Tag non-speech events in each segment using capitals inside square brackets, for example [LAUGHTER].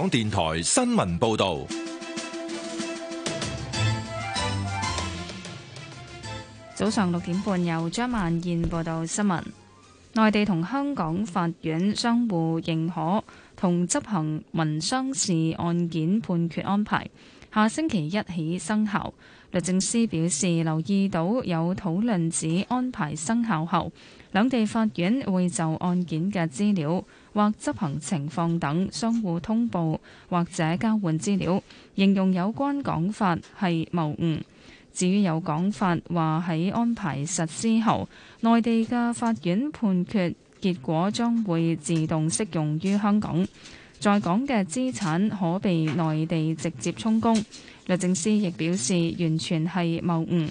港電台新聞報道，早上六點半由張萬燕報道新聞。內地同香港法院相互認可同執行民商事案件判決安排，下星期一起生效。律政司表示留意到有討論指安排生效後，兩地法院會就案件嘅資料。或執行情況等相互通報，或者交換資料，形容有關講法係謬誤。至於有講法話喺安排實施後，內地嘅法院判決結果將會自動適用於香港，在港嘅資產可被內地直接充公。律政司亦表示完全係謬誤。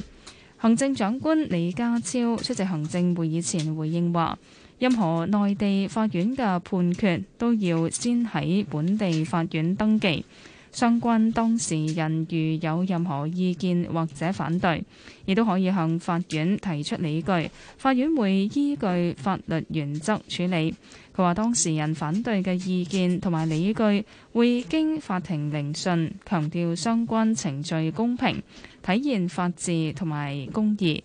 行政長官李家超出席行政會議前回應話。任何內地法院嘅判決都要先喺本地法院登記，相關當事人如有任何意見或者反對，亦都可以向法院提出理據，法院會依據法律原則處理。佢話，當事人反對嘅意見同埋理據會經法庭聆訊，強調相關程序公平，體現法治同埋公義。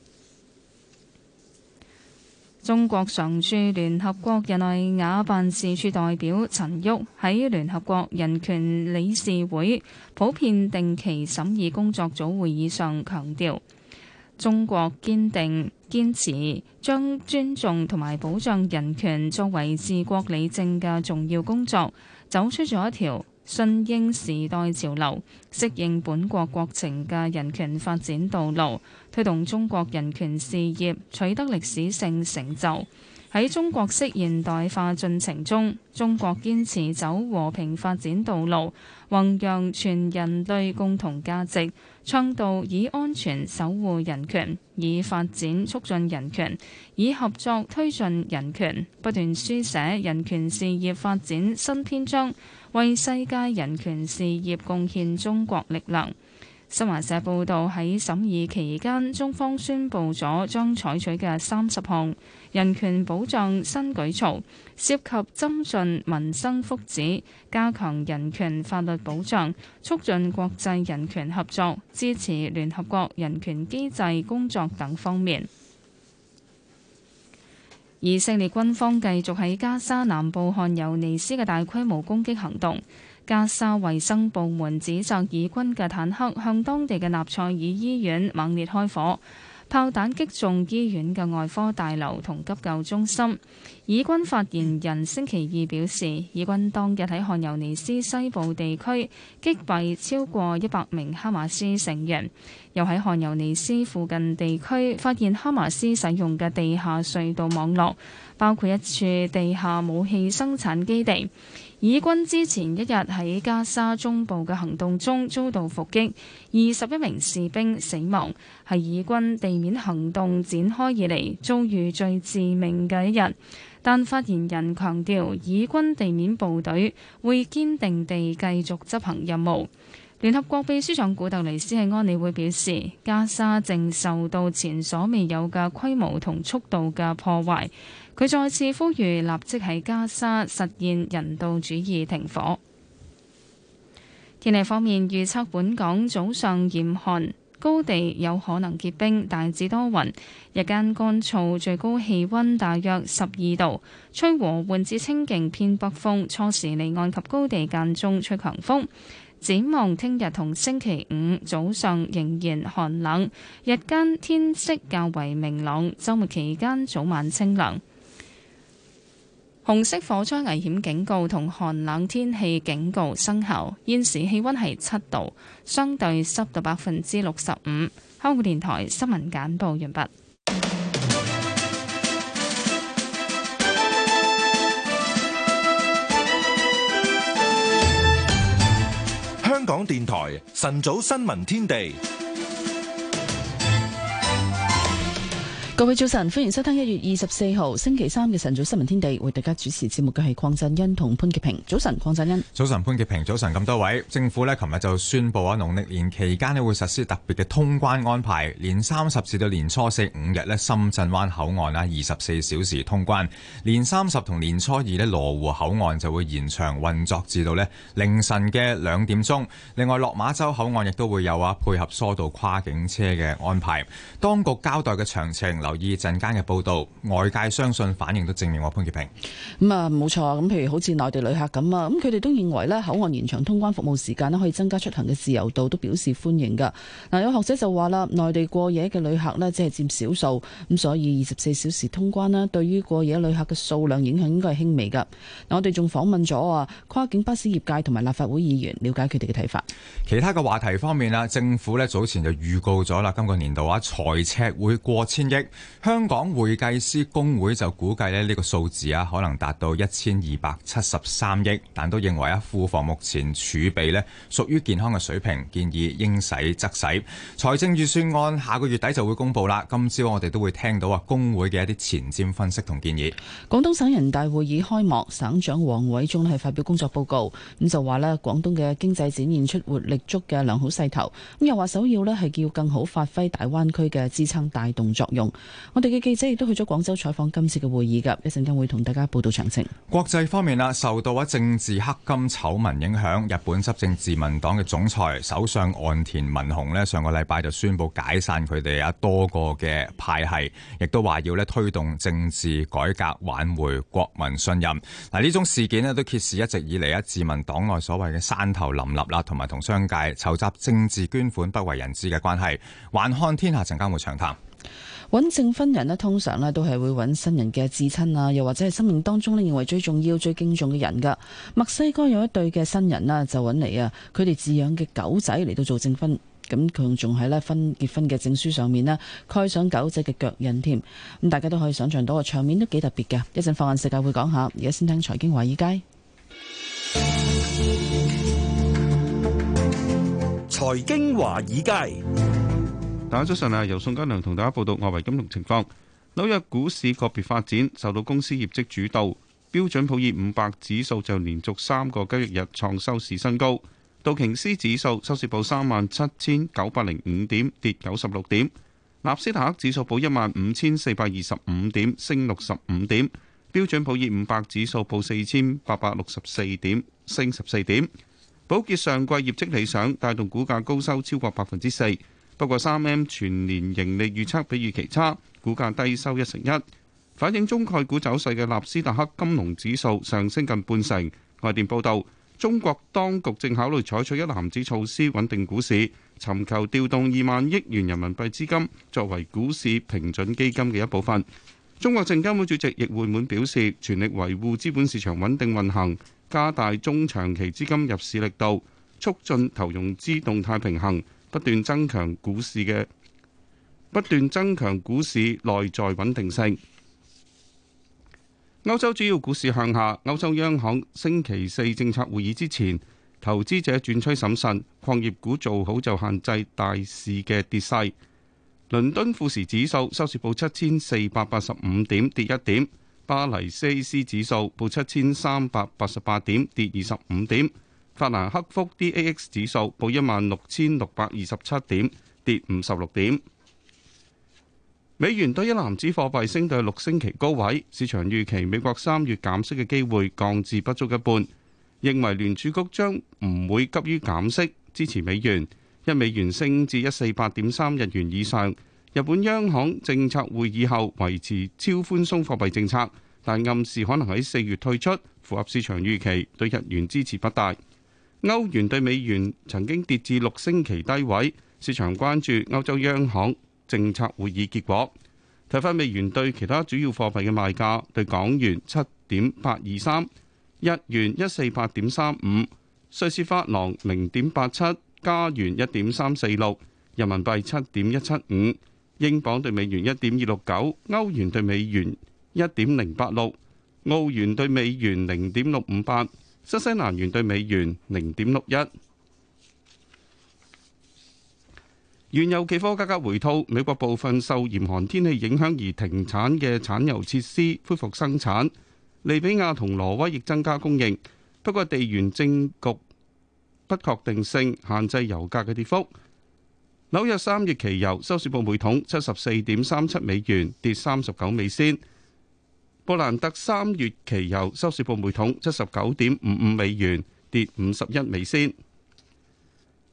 中國常駐聯合國日內瓦辦事處代表陳旭喺聯合國人權理事會普遍定期審議工作組會議上強調，中國堅定堅持將尊重同埋保障人權作為治國理政嘅重要工作，走出咗一條順應時代潮流、適應本國國情嘅人權發展道路。推動中國人權事業取得歷史性成就，喺中國式現代化進程中，中國堅持走和平發展道路，弘揚全人類共同價值，倡導以安全守護人權，以發展促進人權，以合作推進人權，不斷書寫人權事業發展新篇章，為世界人權事業貢獻中國力量。新華社報道，喺審議期間，中方宣布咗將採取嘅三十項人權保障新舉措，涉及增進民生福祉、加強人權法律保障、促進國際人權合作、支持聯合國人權機制工作等方面。以色列軍方繼續喺加沙南部漢尤尼斯嘅大規模攻擊行動。加沙衛生部門指責以軍嘅坦克向當地嘅納賽爾醫院猛烈開火，炮彈擊中醫院嘅外科大樓同急救中心。以軍發言人星期二表示，以軍當日喺汗尤尼斯西部地區擊斃超過一百名哈馬斯成員，又喺汗尤尼斯附近地區發現哈馬斯使用嘅地下隧道網絡，包括一處地下武器生產基地。以軍之前一日喺加沙中部嘅行動中遭到伏擊，二十一名士兵死亡，係以軍地面行動展開以嚟遭遇最致命嘅一日。但發言人強調，以軍地面部隊會堅定地繼續執行任務。聯合國秘書長古特雷斯喺安理會表示，加沙正受到前所未有嘅規模同速度嘅破壞。佢再次呼籲立即喺加沙實現人道主義停火。天氣方面預測，預測本港早上嚴寒，高地有可能結冰，大致多雲，日間乾燥，最高氣溫大約十二度，吹和緩至清勁偏北風，初時離岸及高地間中吹強風。展望聽日同星期五早上仍然寒冷，日間天色較為明朗，週末期間早晚清涼。紅色火災危險警告同寒冷天氣警告生效。現時氣温係七度，相對濕度百分之六十五。香港電台新聞簡報完畢。香港電台晨早新聞天地。各位早晨，歡迎收聽一月二十四號星期三嘅晨早新聞天地。為大家主持節目嘅係鄺振恩同潘潔平。早晨，鄺振恩。早晨，潘潔平。早晨，咁多位，政府咧，琴日就宣布啊，農曆年期間咧會實施特別嘅通關安排。年三十至到年初四五日咧，深圳灣口岸啊，二十四小時通關。年三十同年初二咧，羅湖口岸就會延長運作至到咧凌晨嘅兩點鐘。另外，落馬洲口岸亦都會有啊配合疏導跨境車嘅安排。當局交代嘅詳情。留意陣間嘅報導，外界相信反應都證明我潘潔平。咁啊，冇錯啊。咁譬如好似內地旅客咁啊，咁佢哋都認為咧口岸延長通關服務時間咧，可以增加出行嘅自由度，都表示歡迎㗎。嗱，有學者就話啦，內地過夜嘅旅客呢，只係佔少數，咁所以二十四小時通關呢，對於過夜旅客嘅數量影響應該係輕微㗎。嗱，我哋仲訪問咗啊，跨境巴士業界同埋立法會議員，了解佢哋嘅睇法。其他嘅話題方面啊，政府呢早前就預告咗啦，今個年度啊財赤會過千億。香港會計師公會就估計咧呢個數字啊，可能達到一千二百七十三億，但都認為啊，庫房目前儲備咧屬於健康嘅水平，建議應使則使。財政預算案下個月底就會公布啦。今朝我哋都會聽到啊，公會嘅一啲前瞻分析同建議。廣東省人大會議開幕，省長王偉中咧係發表工作報告，咁就話咧廣東嘅經濟展現出活力足嘅良好勢頭，咁又話首要咧係要更好發揮大灣區嘅支撐帶動作用。我哋嘅記者亦都去咗廣州採訪今次嘅會議。噶一陣間會同大家報道詳情。國際方面啦，受到啊政治黑金醜聞影響，日本執政自民黨嘅總裁首相岸田文雄咧，上個禮拜就宣布解散佢哋啊多個嘅派系，亦都話要咧推動政治改革，挽回國民信任。嗱，呢種事件咧都揭示一直以嚟啊自民黨內所謂嘅山頭林立啦，同埋同商界籌集政治捐款不為人知嘅關係。環看天下，陣間會長談。揾證婚人咧，通常咧都係會揾新人嘅至親啊，又或者係生命當中咧認為最重要、最敬重嘅人噶。墨西哥有一對嘅新人啦，就揾嚟啊，佢哋飼養嘅狗仔嚟到做證婚，咁佢仲喺咧婚結婚嘅證書上面咧蓋上狗仔嘅腳印添。咁大家都可以想象到個場面都幾特別嘅。一陣放眼世界會講下，而家先聽財經華爾街。財經華爾街。大家早晨啊！由宋嘉良同大家報道外圍金融情況。紐約股市個別發展，受到公司業績主導。標準普爾五百指數就連續三個交易日創收市新高。道瓊斯指數收市報三萬七千九百零五點，跌九十六點。納斯達克指數報一萬五千四百二十五點，升六十五點。標準普爾五百指數報四千八百六十四點，升十四點。寶潔上季業績理想，帶動股價高收超過百分之四。不過，三 M 全年盈利預測比預期差，股價低收一成一。反映中概股走勢嘅納斯達克金龍指數上升近半成。外電報道，中國當局正考慮採取一籃子措施穩定股市，尋求調動二萬億元人民幣資金作為股市平準基金嘅一部分。中國證監會主席易會滿表示，全力維護資本市場穩定運行，加大中長期資金入市力度，促進投融資動態平衡。不斷增強股市嘅，不斷增強股市內在穩定性。歐洲主要股市向下，歐洲央行星期四政策會議之前，投資者轉趨審慎，礦業股做好就限制大市嘅跌勢。倫敦富時指數收市報七千四百八十五點，跌一點；巴黎 CAC 指數報七千三百八十八點，跌二十五點。法蘭克福 DAX 指數報一萬六千六百二十七點，跌五十六點。美元對一籃子貨幣升到六星期高位，市場預期美國三月減息嘅機會降至不足一半，認為聯儲局將唔會急於減息，支持美元。一美元升至一四八點三日元以上。日本央行政策會議後維持超寬鬆貨幣政策，但暗示可能喺四月退出，符合市場預期，對日元支持不大。歐元對美元曾經跌至六星期低位，市場關注歐洲央行政策會議結果。睇返美元對其他主要貨幣嘅賣價：對港元七點八二三，日元一四八點三五，瑞士法郎零點八七，加元一點三四六，人民幣七點一七五，英鎊對美元一點二六九，歐元對美元一點零八六，澳元對美元零點六五八。新西蘭元對美元零點六一，原油期貨價格回吐，美國部分受嚴寒天氣影響而停產嘅產油設施恢復生產，利比亞同挪威亦增加供應，不過地緣政局不確定性限制油價嘅跌幅。紐約三月期油收市報每桶七十四點三七美元，跌三十九美仙。布蘭特三月期油收市報每桶七十九點五五美元，跌五十一美仙。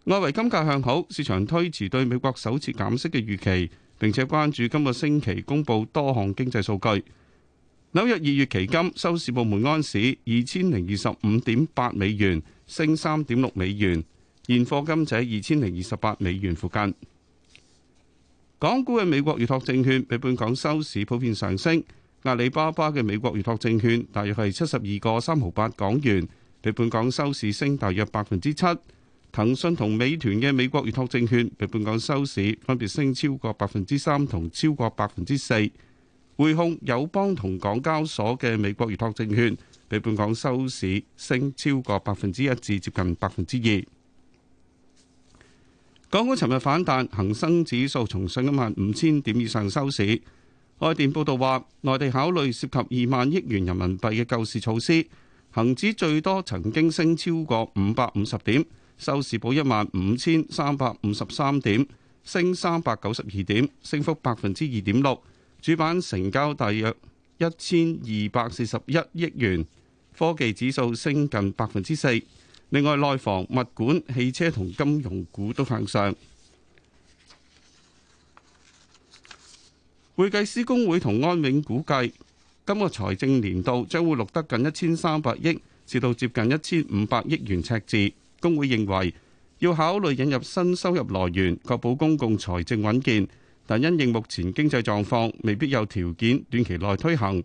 外圍金價向好，市場推遲對美國首次減息嘅預期，並且關注今個星期公布多項經濟數據。紐約二月期金收市報每安士二千零二十五點八美元，升三點六美元，現貨金則喺二千零二十八美元附近。港股嘅美國預託證券比本港收市普遍上升。阿里巴巴嘅美國預託證券大約係七十二個三毫八港元，比本港收市升大約百分之七。騰訊同美團嘅美國預託證券比本港收市分別升超過百分之三同超過百分之四。匯控、友邦同港交所嘅美國預託證券比本港收市升超過百分之一至接近百分之二。港股尋日反彈，恒生指數重上一萬五千點以上收市。外電報道話，內地考慮涉及二萬億元人民幣嘅救市措施，恒指最多曾經升超過五百五十點，收市報一萬五千三百五十三點，升三百九十二點，升幅百分之二點六，主板成交大約一千二百四十一億元，科技指數升近百分之四。另外，內房、物管、汽車同金融股都向上。會計師公會同安永估計，今個財政年度將會錄得近一千三百億，至到接近一千五百億元赤字。公會認為要考慮引入新收入來源，確保公共財政穩健，但因應目前經濟狀況，未必有條件短期內推行。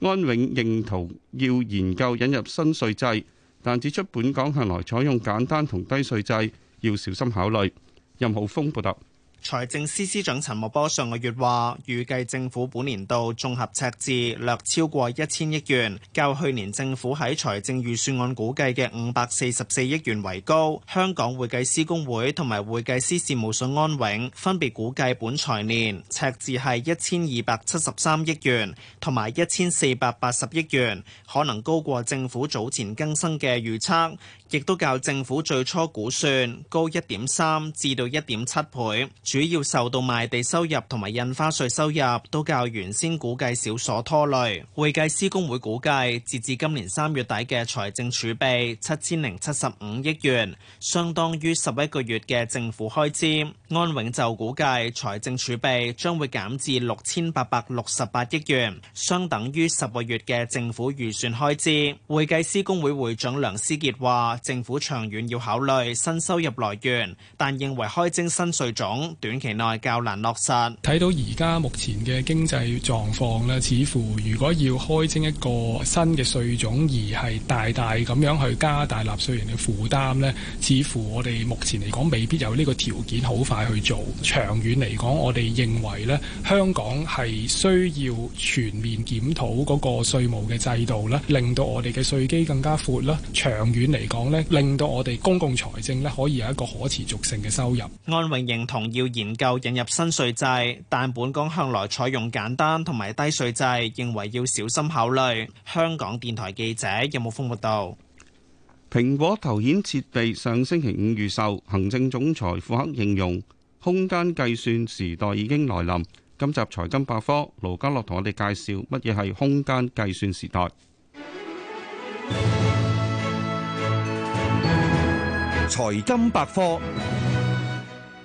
安永認同要研究引入新稅制，但指出本港向來採用簡單同低稅制，要小心考慮。任浩峯報道。財政司司長陳茂波上個月話，預計政府本年度綜合赤字略超過一千億元，較去年政府喺財政預算案估計嘅五百四十四億元為高。香港會計師公會同埋會計師事務所安永分別估計本財年赤字係一千二百七十三億元同埋一千四百八十億元，可能高過政府早前更新嘅預測，亦都較政府最初估算高一點三至到一點七倍。主要受到賣地收入同埋印花稅收入都較原先估計少所拖累。會計師公會估計，截至今年三月底嘅財政儲備七千零七十五億元，相當於十一個月嘅政府開支。安永就估計，財政儲備將會減至六千八百六十八億元，相等於十個月嘅政府預算開支。會計師公會會長梁思傑話，政府長遠要考慮新收入來源，但認為開徵新稅種短期內較難落實。睇到而家目前嘅經濟狀況呢，似乎如果要開徵一個新嘅稅種而係大大咁樣去加大納稅人嘅負擔呢，似乎我哋目前嚟講未必有呢個條件好快去做。長遠嚟講，我哋認為呢香港係需要全面檢討嗰個稅務嘅制度啦，令到我哋嘅稅基更加闊啦。長遠嚟講呢令到我哋公共財政呢可以有一個可持續性嘅收入。安永認同要。研究引入新稅制，但本港向來採用簡單同埋低稅制，認為要小心考慮。香港電台記者有冇封麥到？蘋果頭顯設備上星期五預售，行政總裁庫克形容空間計算時代已經來臨。今集財金百科，盧家樂同我哋介紹乜嘢係空間計算時代。財金百科。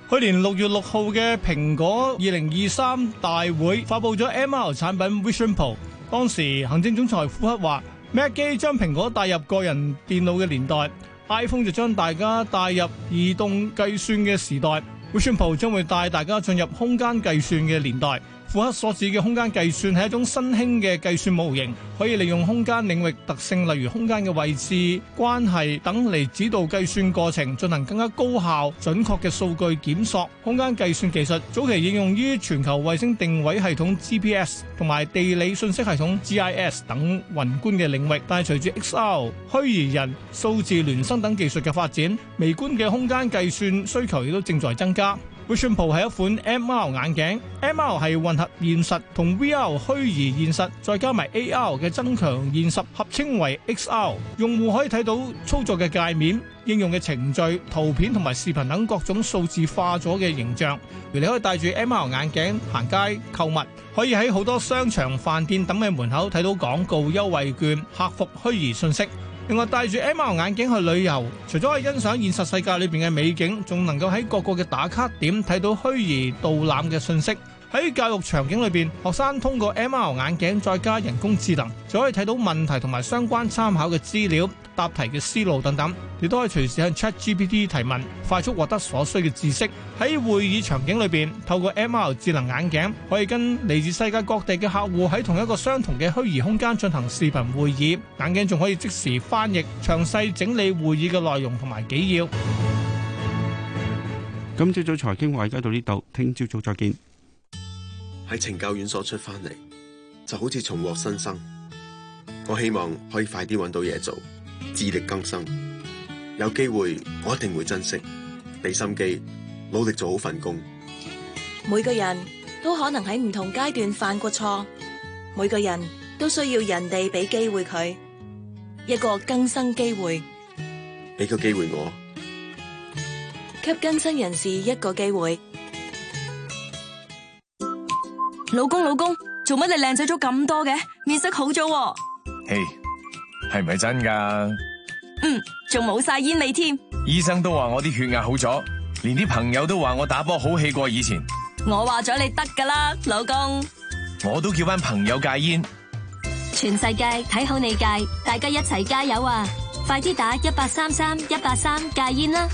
去年六月六號嘅蘋果二零二三大會，發布咗 MR 產品 Vision Pro。當時行政總裁庫克話：Mac 機將蘋果帶入個人電腦嘅年代，iPhone 就將大家帶入移動計算嘅時代，Vision Pro 將會帶大家進入空間計算嘅年代。符合所指嘅空間計算係一種新興嘅計算模型，可以利用空間領域特性，例如空間嘅位置關係等嚟指導計算過程，進行更加高效準確嘅數據檢索。空間計算技術早期應用於全球衛星定位系統 GPS 同埋地理信息系統 GIS 等宏觀嘅領域，但係隨住 XR 虛擬人、數字孿生等技術嘅發展，微觀嘅空間計算需求亦都正在增加。Vrumpo 係一款 MR 眼鏡，MR 係混合現實同 VR 虛擬現實，再加埋 AR 嘅增強現實，合稱為 XR。用戶可以睇到操作嘅界面、應用嘅程序、圖片同埋視頻等各種數字化咗嘅形象。而你可以戴住 MR 眼鏡行街購物，可以喺好多商場、飯店等嘅門口睇到廣告、優惠券、客服虛擬信息。另外，戴住 MR 眼鏡去旅遊，除咗可以欣賞現實世界裏邊嘅美景，仲能夠喺各個嘅打卡點睇到虛擬導覽嘅信息。喺教育場景裏邊，學生通過 MRO 眼鏡再加人工智能，就可以睇到問題同埋相關參考嘅資料、答題嘅思路等等。亦都可以隨時向 ChatGPT 提問，快速獲得所需嘅知識。喺會議場景裏邊，透過 MRO 智能眼鏡，可以跟嚟自世界各地嘅客戶喺同一個相同嘅虛擬空間進行視頻會議。眼鏡仲可以即時翻譯、詳細整理會議嘅內容同埋紀要。今朝早財經話而家到呢度，聽朝早再見。喺懲教院所出翻嚟，就好似重獲新生。我希望可以快啲揾到嘢做，自力更生。有機會，我一定會珍惜，俾心機，努力做好份工。每個人都可能喺唔同階段犯過錯，每個人都需要人哋俾機會佢一個更新機會。俾個機會我，給更新人士一個機會。老公，老公，做乜你靚仔咗咁多嘅？面色好咗，嘿，hey，係咪真噶？嗯，仲冇晒煙味添。醫生都話我啲血壓好咗，連啲朋友都話我打波好氣過以前。我話咗你得噶啦，老公。我都叫返朋友戒煙。全世界睇好你戒，大家一齊加油啊！快啲打一八三三一八三戒煙啦！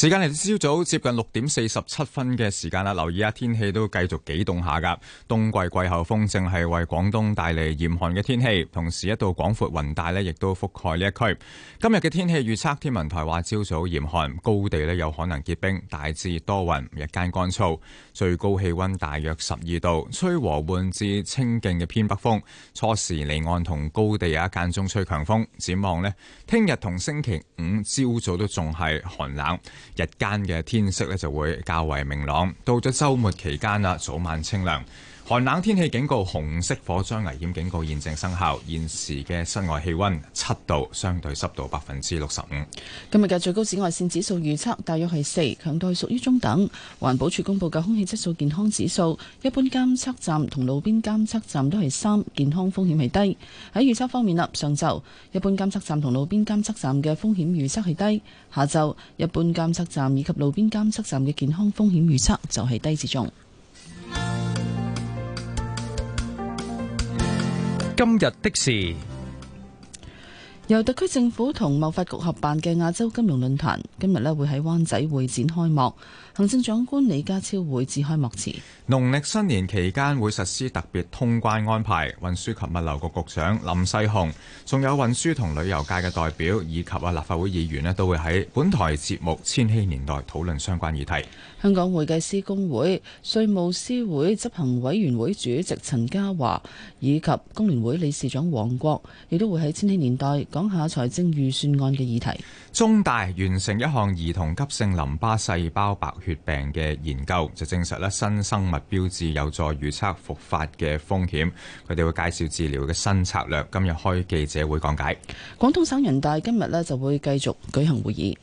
時間嚟到朝早接近六點四十七分嘅時間啦，留意下、啊、天氣都繼續幾凍下噶。冬季季候風正係為廣東帶嚟嚴寒嘅天氣，同時一度廣闊雲帶呢亦都覆蓋呢一區。今日嘅天氣預測，天文台話朝早嚴寒，高地呢有可能結冰，大致多雲，日間乾燥，最高氣溫大約十二度，吹和緩至清勁嘅偏北風，初時離岸同高地啊間中吹強風。展望呢，聽日同星期五朝早都仲係寒冷。日間嘅天色咧就會較為明朗，到咗週末期間啦，早晚清涼。寒冷天氣警告、紅色火災危險警告現正生效。現時嘅室外氣温七度，相對濕度百分之六十五。今日嘅最高紫外線指數預測大約係四，強度係屬於中等。環保署公佈嘅空氣質素健康指數，一般監測站同路邊監測站都係三，健康風險係低。喺預測方面啦，上晝一般監測站同路邊監測站嘅風險預測係低，下晝一般監測站以及路邊監測站嘅健康風險預測就係低至中。 [MUSIC] 今日的事，由特區政府同貿發局合辦嘅亞洲金融論壇今日呢會喺灣仔會展開幕。行政長官李家超會致開幕詞。農曆新年期間會實施特別通關安排。運輸及物流局局長林世雄，仲有運輸同旅遊界嘅代表以及啊立法會議員咧，都會喺本台節目《千禧年代》討論相關議題。香港會計師公會稅務師會執行委員會主席陳嘉華以及工聯會理事長黃國，亦都會喺《千禧年代》講下財政預算案嘅議題。中大完成一項兒童急性淋巴細胞白血血病嘅研究就證實咧，新生物標誌有助預測復發嘅風險。佢哋會介紹治療嘅新策略，今日開記者會講解。廣東省人大今日咧就會繼續舉行會議。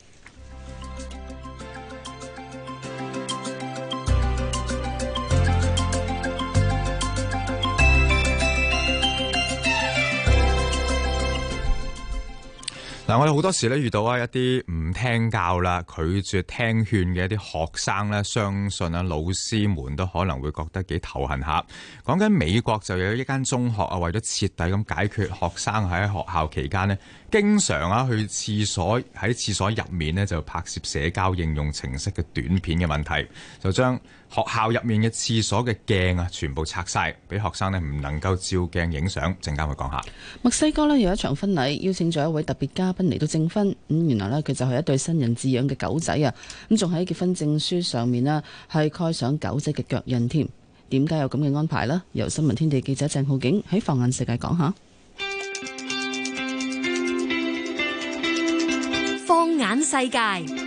嗱，我哋好多時咧遇到啊一啲唔聽教啦、拒絕聽勸嘅一啲學生咧，相信啊老師們都可能會覺得幾頭痕下。講緊美國就有一間中學啊，為咗徹底咁解決學生喺學校期間咧，經常啊去廁所喺廁所入面咧就拍攝社交應用程式嘅短片嘅問題，就將學校入面嘅廁所嘅鏡啊，全部拆晒，俾學生呢唔能夠照鏡影相。陣間會講下，墨西哥呢有一場婚禮，邀請咗一位特別嘉賓嚟到證婚。咁、嗯、原來呢佢就係一對新人飼養嘅狗仔啊！咁仲喺結婚證書上面啦，係蓋上狗仔嘅腳印添。點解有咁嘅安排呢？由新聞天地記者鄭浩景喺放眼世界講下。放眼世界。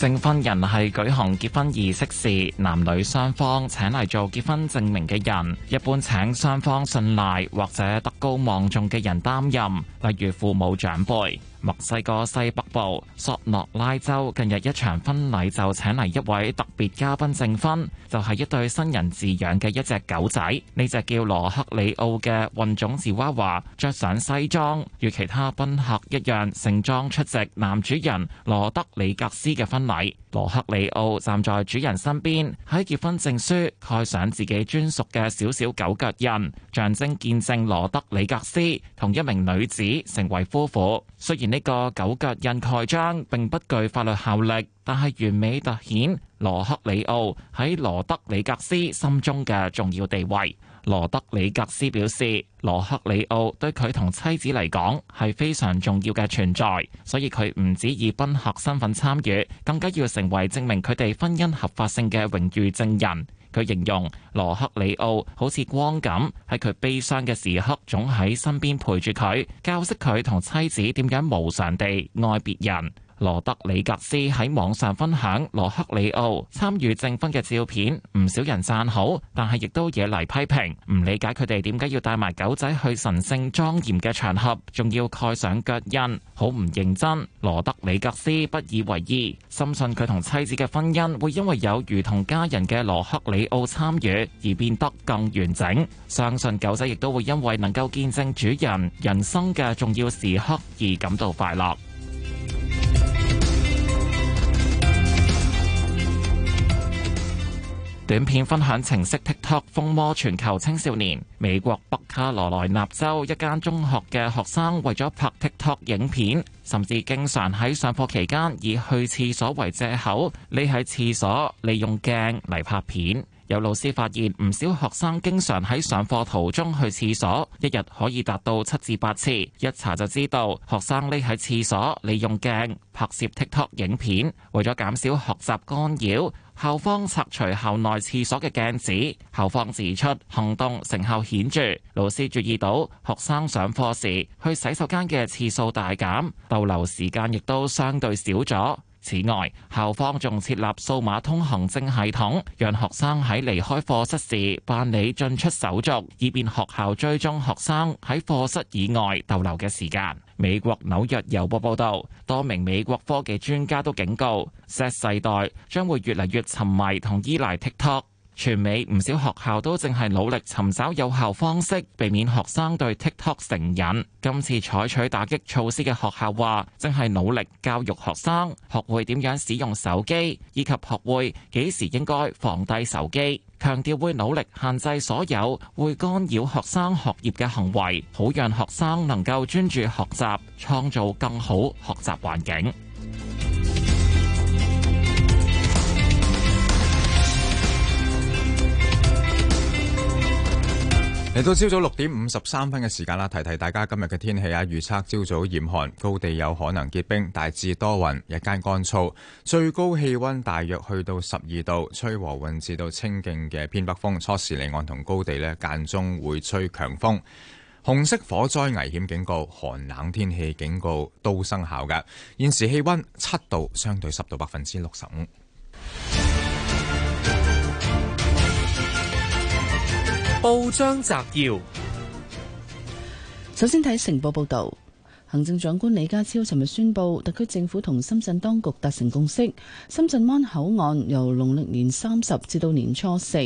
證婚人係舉行結婚儀式時，男女雙方請嚟做結婚證明嘅人，一般請雙方信賴或者德高望重嘅人擔任，例如父母長輩。墨西哥西北部索諾拉州近日一場婚禮就請嚟一位特別嘉賓證婚，就係、是、一對新人飼養嘅一隻狗仔。呢隻叫羅克里奧嘅混種芝娃娃，着上西裝，與其他賓客一樣盛裝出席男主人羅德里格斯嘅婚禮。羅克里奧站在主人身邊，喺結婚證書蓋上自己專屬嘅小小狗腳印，象徵見證羅德里格斯同一名女子成為夫婦。雖然呢個狗腳印蓋章並不具法律效力，但係完美突顯羅克里奧喺羅德里格斯心中嘅重要地位。羅德里格斯表示，羅克里奧對佢同妻子嚟講係非常重要嘅存在，所以佢唔止以賓客身份參與，更加要成為證明佢哋婚姻合法性嘅榮譽證人。佢形容羅克里奧好似光咁，喺佢悲傷嘅時刻總喺身邊陪住佢，教識佢同妻子點解無常地愛別人。羅德里格斯喺網上分享羅克里奧參與證婚嘅照片，唔少人讚好，但係亦都惹嚟批評。唔理解佢哋點解要帶埋狗仔去神聖莊嚴嘅場合，仲要蓋上腳印，好唔認真。羅德里格斯不以為意，深信佢同妻子嘅婚姻會因為有如同家人嘅羅克里奧參與而變得更完整。相信狗仔亦都會因為能夠見證主人人生嘅重要時刻而感到快樂。短片分享程式 TikTok 瘋魔全球青少年。美國北卡羅來納州一間中學嘅學生為咗拍 TikTok 影片，甚至經常喺上課期間以去廁所為借口，匿喺廁所利用鏡嚟拍片。有老師發現唔少學生經常喺上課途中去廁所，一日可以達到七至八次。一查就知道，學生匿喺廁所利用鏡拍攝 TikTok 影片，為咗減少學習干擾。校方拆除校內廁所嘅鏡子，校方指出行動成效顯著，老師注意到學生上課時去洗手間嘅次數大減，逗留時間亦都相對少咗。此外，校方仲設立數碼通行證系統，讓學生喺離開課室時辦理進出手續，以便學校追蹤學生喺課室以外逗留嘅時間。美國紐約郵報報導，多名美國科技專家都警告，Z 世代將會越嚟越沉迷同依賴 TikTok。全美唔少學校都正係努力尋找有效方式，避免學生對 TikTok 成癮。今次採取打擊措施嘅學校話，正係努力教育學生學會點樣使用手機，以及學會幾時應該放低手機，強調會努力限制所有會干擾學生學業嘅行為，好讓學生能夠專注學習，創造更好學習環境。嚟到朝早六點五十三分嘅時間啦，提提大家今日嘅天氣啊，預測朝早嚴寒，高地有可能結冰，大致多雲，日間乾燥，最高氣溫大約去到十二度，吹和緩至到清勁嘅偏北風，初時離岸同高地呢間中會吹強風，紅色火災危險警告、寒冷天氣警告都生效㗎，現時氣溫七度，相對濕度百分之六十五。 [MUSIC] 報章摘要：首先睇《成報》報道，行政長官李家超尋日宣布，特區政府同深圳當局達成共識，深圳灣口岸由農曆年三十至到年初四，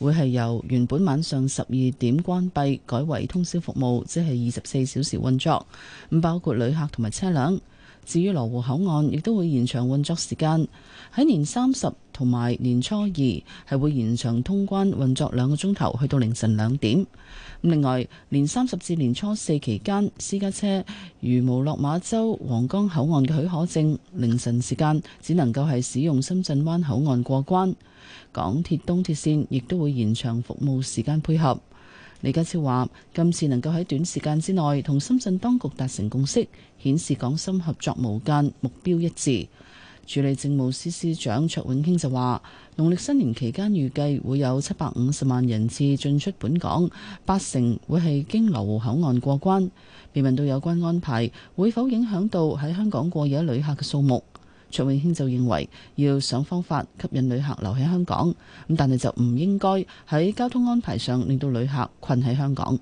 會係由原本晚上十二點關閉，改為通宵服務，即係二十四小時運作，咁包括旅客同埋車輛。至於羅湖口岸亦都會延長運作時間，喺年三十同埋年初二係會延長通關運作兩個鐘頭，去到凌晨兩點。另外，年三十至年初四期間，私家車如無落馬洲、皇崗口岸嘅許可證，凌晨時間只能夠係使用深圳灣口岸過關。港鐵東鐵線亦都會延長服務時間配合。李家超話：今次能夠喺短時間之內同深圳當局達成共識，顯示港深合作無間，目標一致。署理政務司司長卓永興就話，農曆新年期間預計會有七百五十萬人次進出本港，八成會係經羅湖口岸過關。被問到有關安排會否影響到喺香港過夜旅客嘅數目？卓永興就認為，要想方法吸引旅客留喺香港，咁但係就唔應該喺交通安排上令到旅客困喺香港。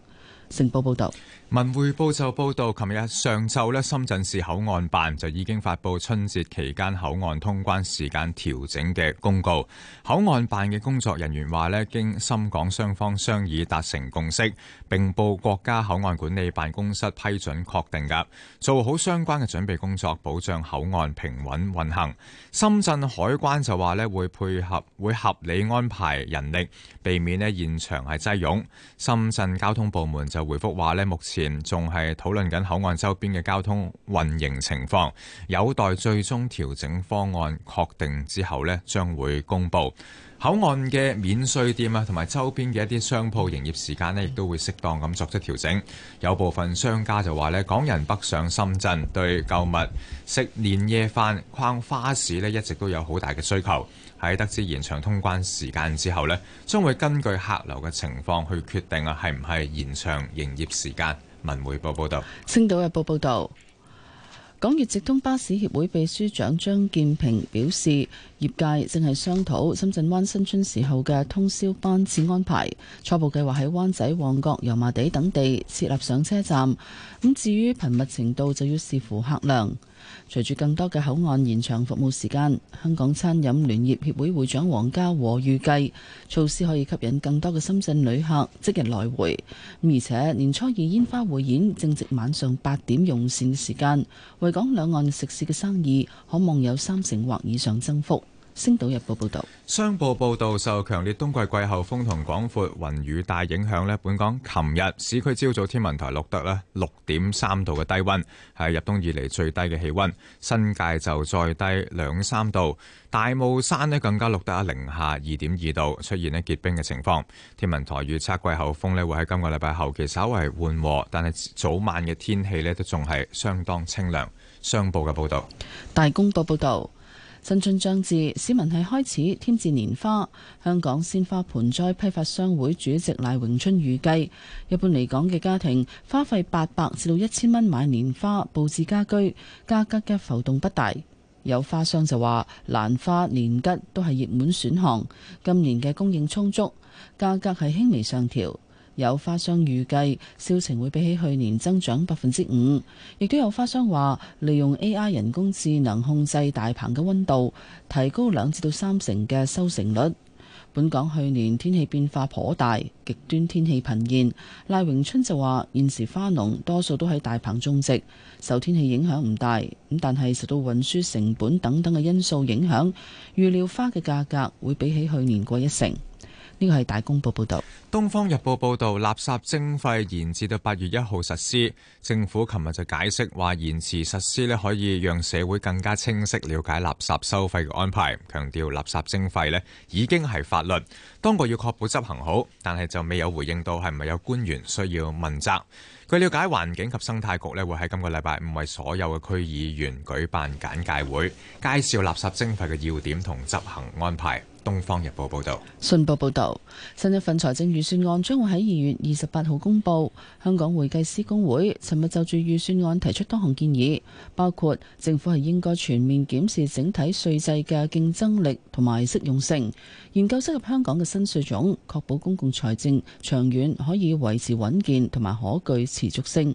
成報報道。文匯報就報道，琴日上晝咧，深圳市口岸辦就已經發佈春節期間口岸通關時間調整嘅公告。口岸辦嘅工作人員話咧，經深港雙方商議達成共識，並報國家口岸管理辦公室批准確定嘅，做好相關嘅準備工作，保障口岸平穩運行。深圳海關就話咧，會配合，會合理安排人力，避免咧現場係擠擁。深圳交通部門就回覆話咧，目前。仲係討論緊口岸周邊嘅交通運營情況，有待最終調整方案確定之後呢，將會公布口岸嘅免稅店啊，同埋周邊嘅一啲商鋪營業時間呢，亦都會適當咁作出調整。有部分商家就話呢，港人北上深圳對購物、食年夜飯、逛花市呢，一直都有好大嘅需求。喺得知延長通關時間之後呢，將會根據客流嘅情況去決定啊，係唔係延長營業時間。文匯報報道，《星島日報》報道，港粵直通巴士協會秘書長張建平表示，業界正係商討深圳灣新春時候嘅通宵班次安排，初步計劃喺灣仔、旺角、油麻地等地設立上車站，咁至於頻密程度就要視乎客量。隨住更多嘅口岸延長服務時間，香港餐飲聯業協會會長黃家和預計措施可以吸引更多嘅深圳旅客即日來回，而且年初二煙花匯演正值晚上八點用膳時間，維港兩岸食肆嘅生意可望有三成或以上增幅。星島日報報道，商報報道，受強烈冬季季候風同廣闊雲雨帶影響咧，本港琴日市區朝早天文台錄得咧六點三度嘅低温，係入冬以嚟最低嘅氣溫，新界就再低兩三度，大帽山咧更加錄得零下二點二度，出現咧結冰嘅情況。天文台預測季候風咧會喺今個禮拜後期稍為緩和，但係早晚嘅天氣咧都仲係相當清涼。商報嘅報道，大公報報道。新春將至，市民係開始添置年花。香港鮮花盆栽批發商會主席賴榮春預計，一般嚟講嘅家庭花費八百至到一千蚊買年花，佈置家居，價格嘅浮動不大。有花商就話，蘭花、年桔都係熱門選項，今年嘅供應充足，價格係輕微上調。有花商預計銷情會比起去年增長百分之五，亦都有花商話利用 A.I. 人工智能控制大棚嘅溫度，提高兩至到三成嘅收成率。本港去年天氣變化頗大，極端天氣頻現。賴榮春就話現時花農多數都喺大棚種植，受天氣影響唔大。咁但係受到運輸成本等等嘅因素影響，預料花嘅價格會比起去年過一成。呢個係大公報報導，《東方日報》報導垃圾徵費延至到八月一號實施。政府琴日就解釋話，延遲實施呢，可以讓社會更加清晰了解垃圾收費嘅安排。強調垃圾徵費呢，已經係法律，當局要確保執行好，但係就未有回應到係咪有官員需要問責。據了解，環境及生態局呢會喺今個禮拜五為所有嘅區議員舉辦簡介會，介紹垃圾徵費嘅要點同執行安排。《東方日報》報導，信報報道：「新一份財政預算案將會喺二月二十八號公布。香港會計師公會尋日就住預算案提出多項建議，包括政府係應該全面檢視整體稅制嘅競爭力同埋適用性，研究適合香港嘅新稅種，確保公共財政長遠可以維持穩健同埋可具持續性。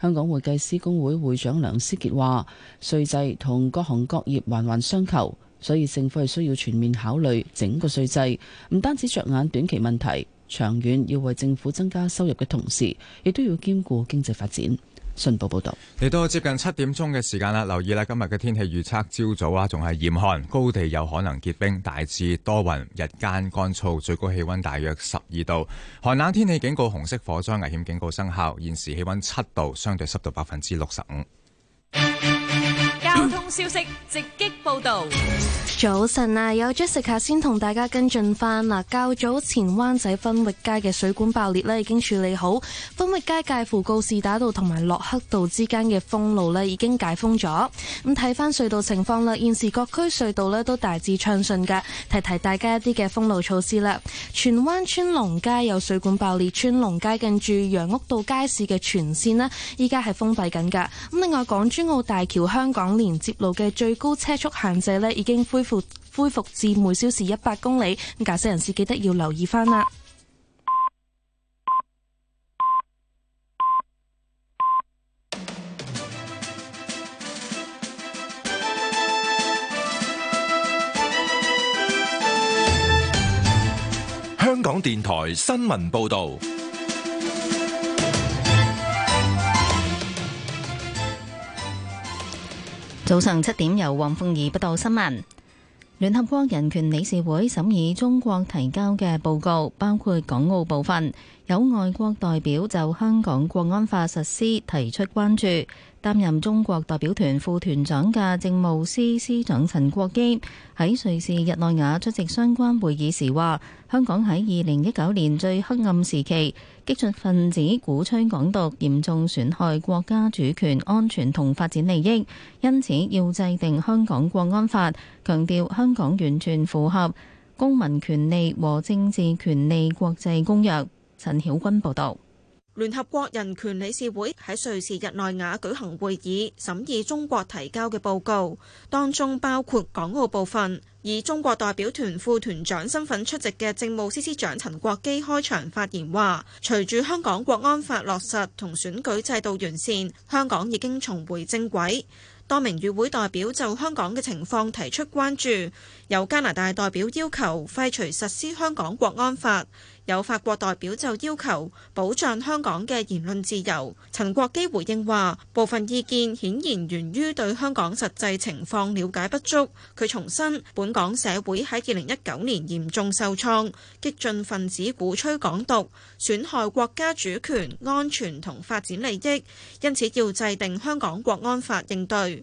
香港會計師公會會長梁思傑話，稅制同各行各業環環相扣。所以政府係需要全面考慮整個稅制，唔單止着眼短期問題，長遠要為政府增加收入嘅同時，亦都要兼顧經濟發展。信報報道。嚟到接近七點鐘嘅時間啦，留意啦，今日嘅天氣預測，朝早啊仲係嚴寒，高地有可能結冰，大致多雲，日間乾燥，最高氣溫大約十二度。寒冷天氣警告、紅色火災危險警告生效，現時氣溫七度，相對濕度百分之六十五。消息直擊報道，早晨啊，有 Jessica 先同大家跟進翻嗱，較早前灣仔分域街嘅水管爆裂咧，已經處理好。分域街介乎告士打道同埋洛克道之間嘅封路咧，已經解封咗。咁睇翻隧道情況啦，現時各區隧道咧都大致暢順噶。提提大家一啲嘅封路措施啦。荃灣川龍街有水管爆裂，川龍街近住楊屋道街市嘅全線呢，依家係封閉緊噶。咁另外，港珠澳大橋香港連接路嘅最高車速限制呢，已經恢復恢復至每小時一百公里。咁駕駛人士記得要留意返啦。香港電台新聞報道。早上七點，由黃鳳儀報道新聞。聯合國人權理事會審議中國提交嘅報告，包括港澳部分，有外國代表就香港國安法實施提出關注。擔任中國代表團副團長嘅政務司司長陳國基喺瑞士日內瓦出席相關會議時話：香港喺二零一九年最黑暗時期，激進分子鼓吹港獨，嚴重損害國家主權、安全同發展利益，因此要制定香港國安法，強調香港完全符合公民權利和政治權利國際公約。陳曉君報道。聯合國人權理事會喺瑞士日內瓦舉行會議，審議中國提交嘅報告，當中包括港澳部分。以中國代表團副團長身份出席嘅政務司司長陳國基開場發言話，隨住香港國安法落實同選舉制度完善，香港已經重回正軌。多名與會代表就香港嘅情況提出關注，有加拿大代表要求廢除實施香港國安法。有法國代表就要求保障香港嘅言論自由。陳國基回應話：部分意見顯然源於對香港實際情況了解不足。佢重申，本港社會喺2019年嚴重受創，激進分子鼓吹港獨，損害國家主權、安全同發展利益，因此要制定香港國安法應對。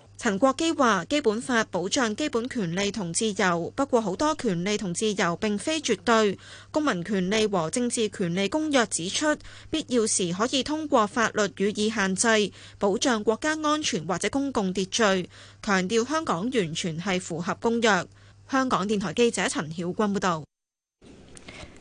陳國基話：基本法保障基本權利同自由，不過好多權利同自由並非絕對。《公民權利和政治權利公約》指出，必要時可以通過法律予以限制，保障國家安全或者公共秩序。強調香港完全係符合公約。香港電台記者陳曉君報導。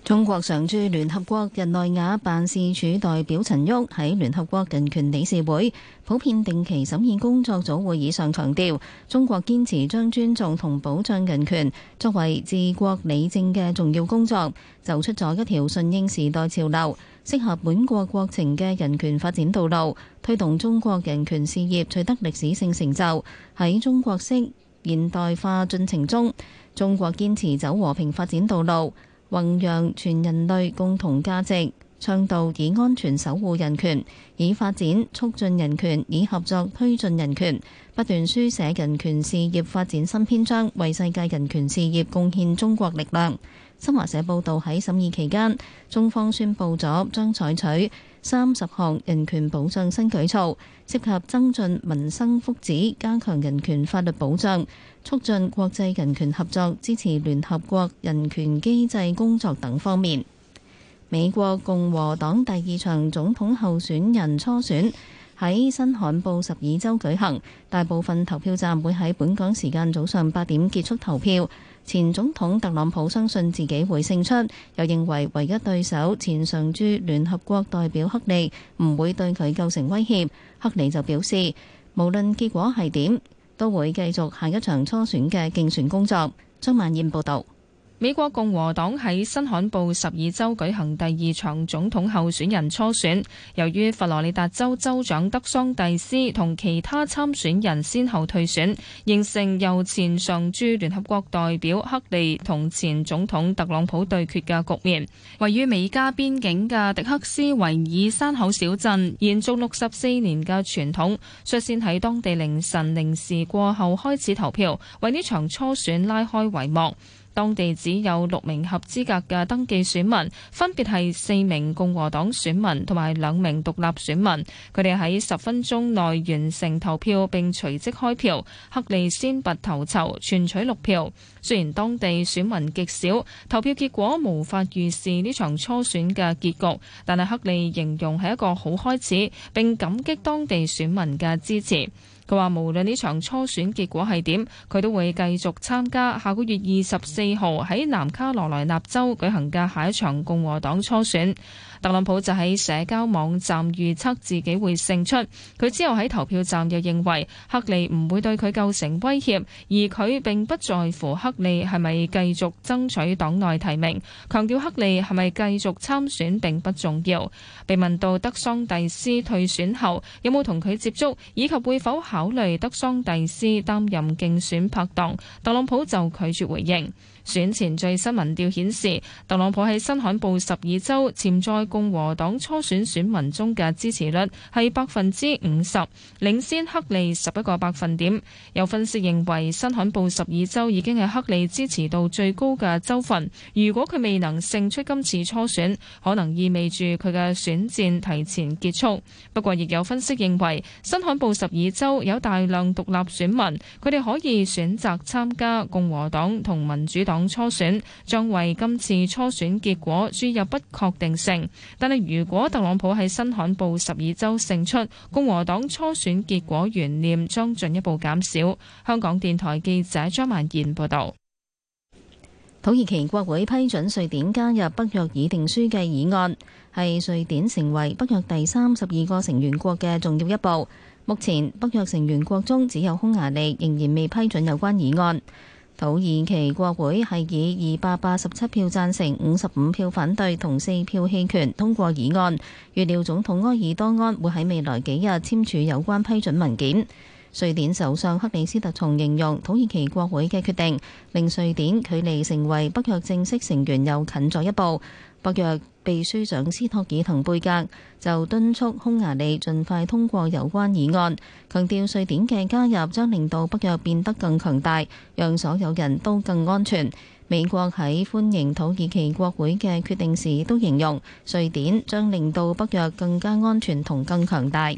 中國常駐聯合國日內瓦辦事處代表陳旭喺聯合國人權理事會普遍定期審議工作組會議上強調，中國堅持將尊重同保障人權作為治國理政嘅重要工作，走出咗一條順應時代潮流、適合本國國情嘅人權發展道路，推動中國人權事業取得歷史性成就。喺中國式現代化進程中，中國堅持走和平發展道路。弘揚全人類共同價值，倡導以安全守護人權，以發展促進人權，以合作推進人權，不斷書寫人權事業發展新篇章，為世界人權事業貢獻中國力量。新華社報道喺審議期間，中方宣布咗將採取三十項人權保障新舉措，涉及增進民生福祉、加強人權法律保障、促進國際人權合作、支持聯合國人權機制工作等方面。美國共和黨第二場總統候選人初選喺新罕布什爾州舉行，大部分投票站會喺本港時間早上八點結束投票。前總統特朗普相信自己會勝出，又認為唯一對手前常駐聯合國代表克里唔會對佢構成威脅。克里就表示，無論結果係點，都會繼續下一場初選嘅競選工作。張曼燕報導。美國共和黨喺新罕布什爾州舉行第二場總統候選人初選。由於佛羅里達州州長德桑蒂斯同其他參選人先後退選，形成由前常駐聯合國代表克利同前總統特朗普對決嘅局面。位於美加邊境嘅迪克斯維爾山口小鎮延續六十四年嘅傳統，率先喺當地凌晨零時過後開始投票，為呢場初選拉開帷幕。當地只有六名合資格嘅登記選民，分別係四名共和黨選民同埋兩名獨立選民。佢哋喺十分鐘內完成投票並隨即開票。克利先拔頭籌，全取六票。雖然當地選民極少，投票結果無法預示呢場初選嘅結局，但係克利形容係一個好開始，並感激當地選民嘅支持。佢話：無論呢場初選結果係點，佢都會繼續參加下個月二十四號喺南卡羅來納州舉行嘅下一場共和黨初選。特朗普就喺社交網站預測自己會勝出，佢之後喺投票站又認為克利唔會對佢構成威脅，而佢並不在乎克利係咪繼續爭取黨內提名，強調克利係咪繼續參選並不重要。被問到德桑蒂斯退選後有冇同佢接觸，以及會否考慮德桑蒂斯擔任競選拍檔，特朗普就拒絕回應。選前最新民調顯示，特朗普喺新罕布什爾州潛在共和黨初選選民中嘅支持率係百分之五十，領先克利十一個百分點。有分析認為，新罕布什爾州已經係克利支持度最高嘅州份。如果佢未能勝出今次初選，可能意味住佢嘅選戰提前結束。不過亦有分析認為，新罕布什爾州有大量獨立選民，佢哋可以選擇參加共和黨同民主黨。初選將為今次初選結果注入不確定性，但係如果特朗普喺新罕布十二州勝出，共和黨初選結果懸念將進一步減少。香港電台記者張曼燕報道。土耳其國會批准瑞典加入北約議定書嘅議案，係瑞典成為北約第三十二個成員國嘅重要一步。目前北約成員國中只有匈牙利仍然未批准有關議案。土耳其國會係以二百八十七票贊成、五十五票反對同四票棄權通過議案，預料總統埃爾多安會喺未來幾日簽署有關批准文件。瑞典首相克里斯特松形容土耳其國會嘅決定，令瑞典距離成為北約正式成員又近咗一步。北約秘書長斯托爾滕貝格就敦促匈牙利盡快通過有關議案，強調瑞典嘅加入將令到北約變得更強大，讓所有人都更安全。美國喺歡迎土耳其國會嘅決定時，都形容瑞典將令到北約更加安全同更強大。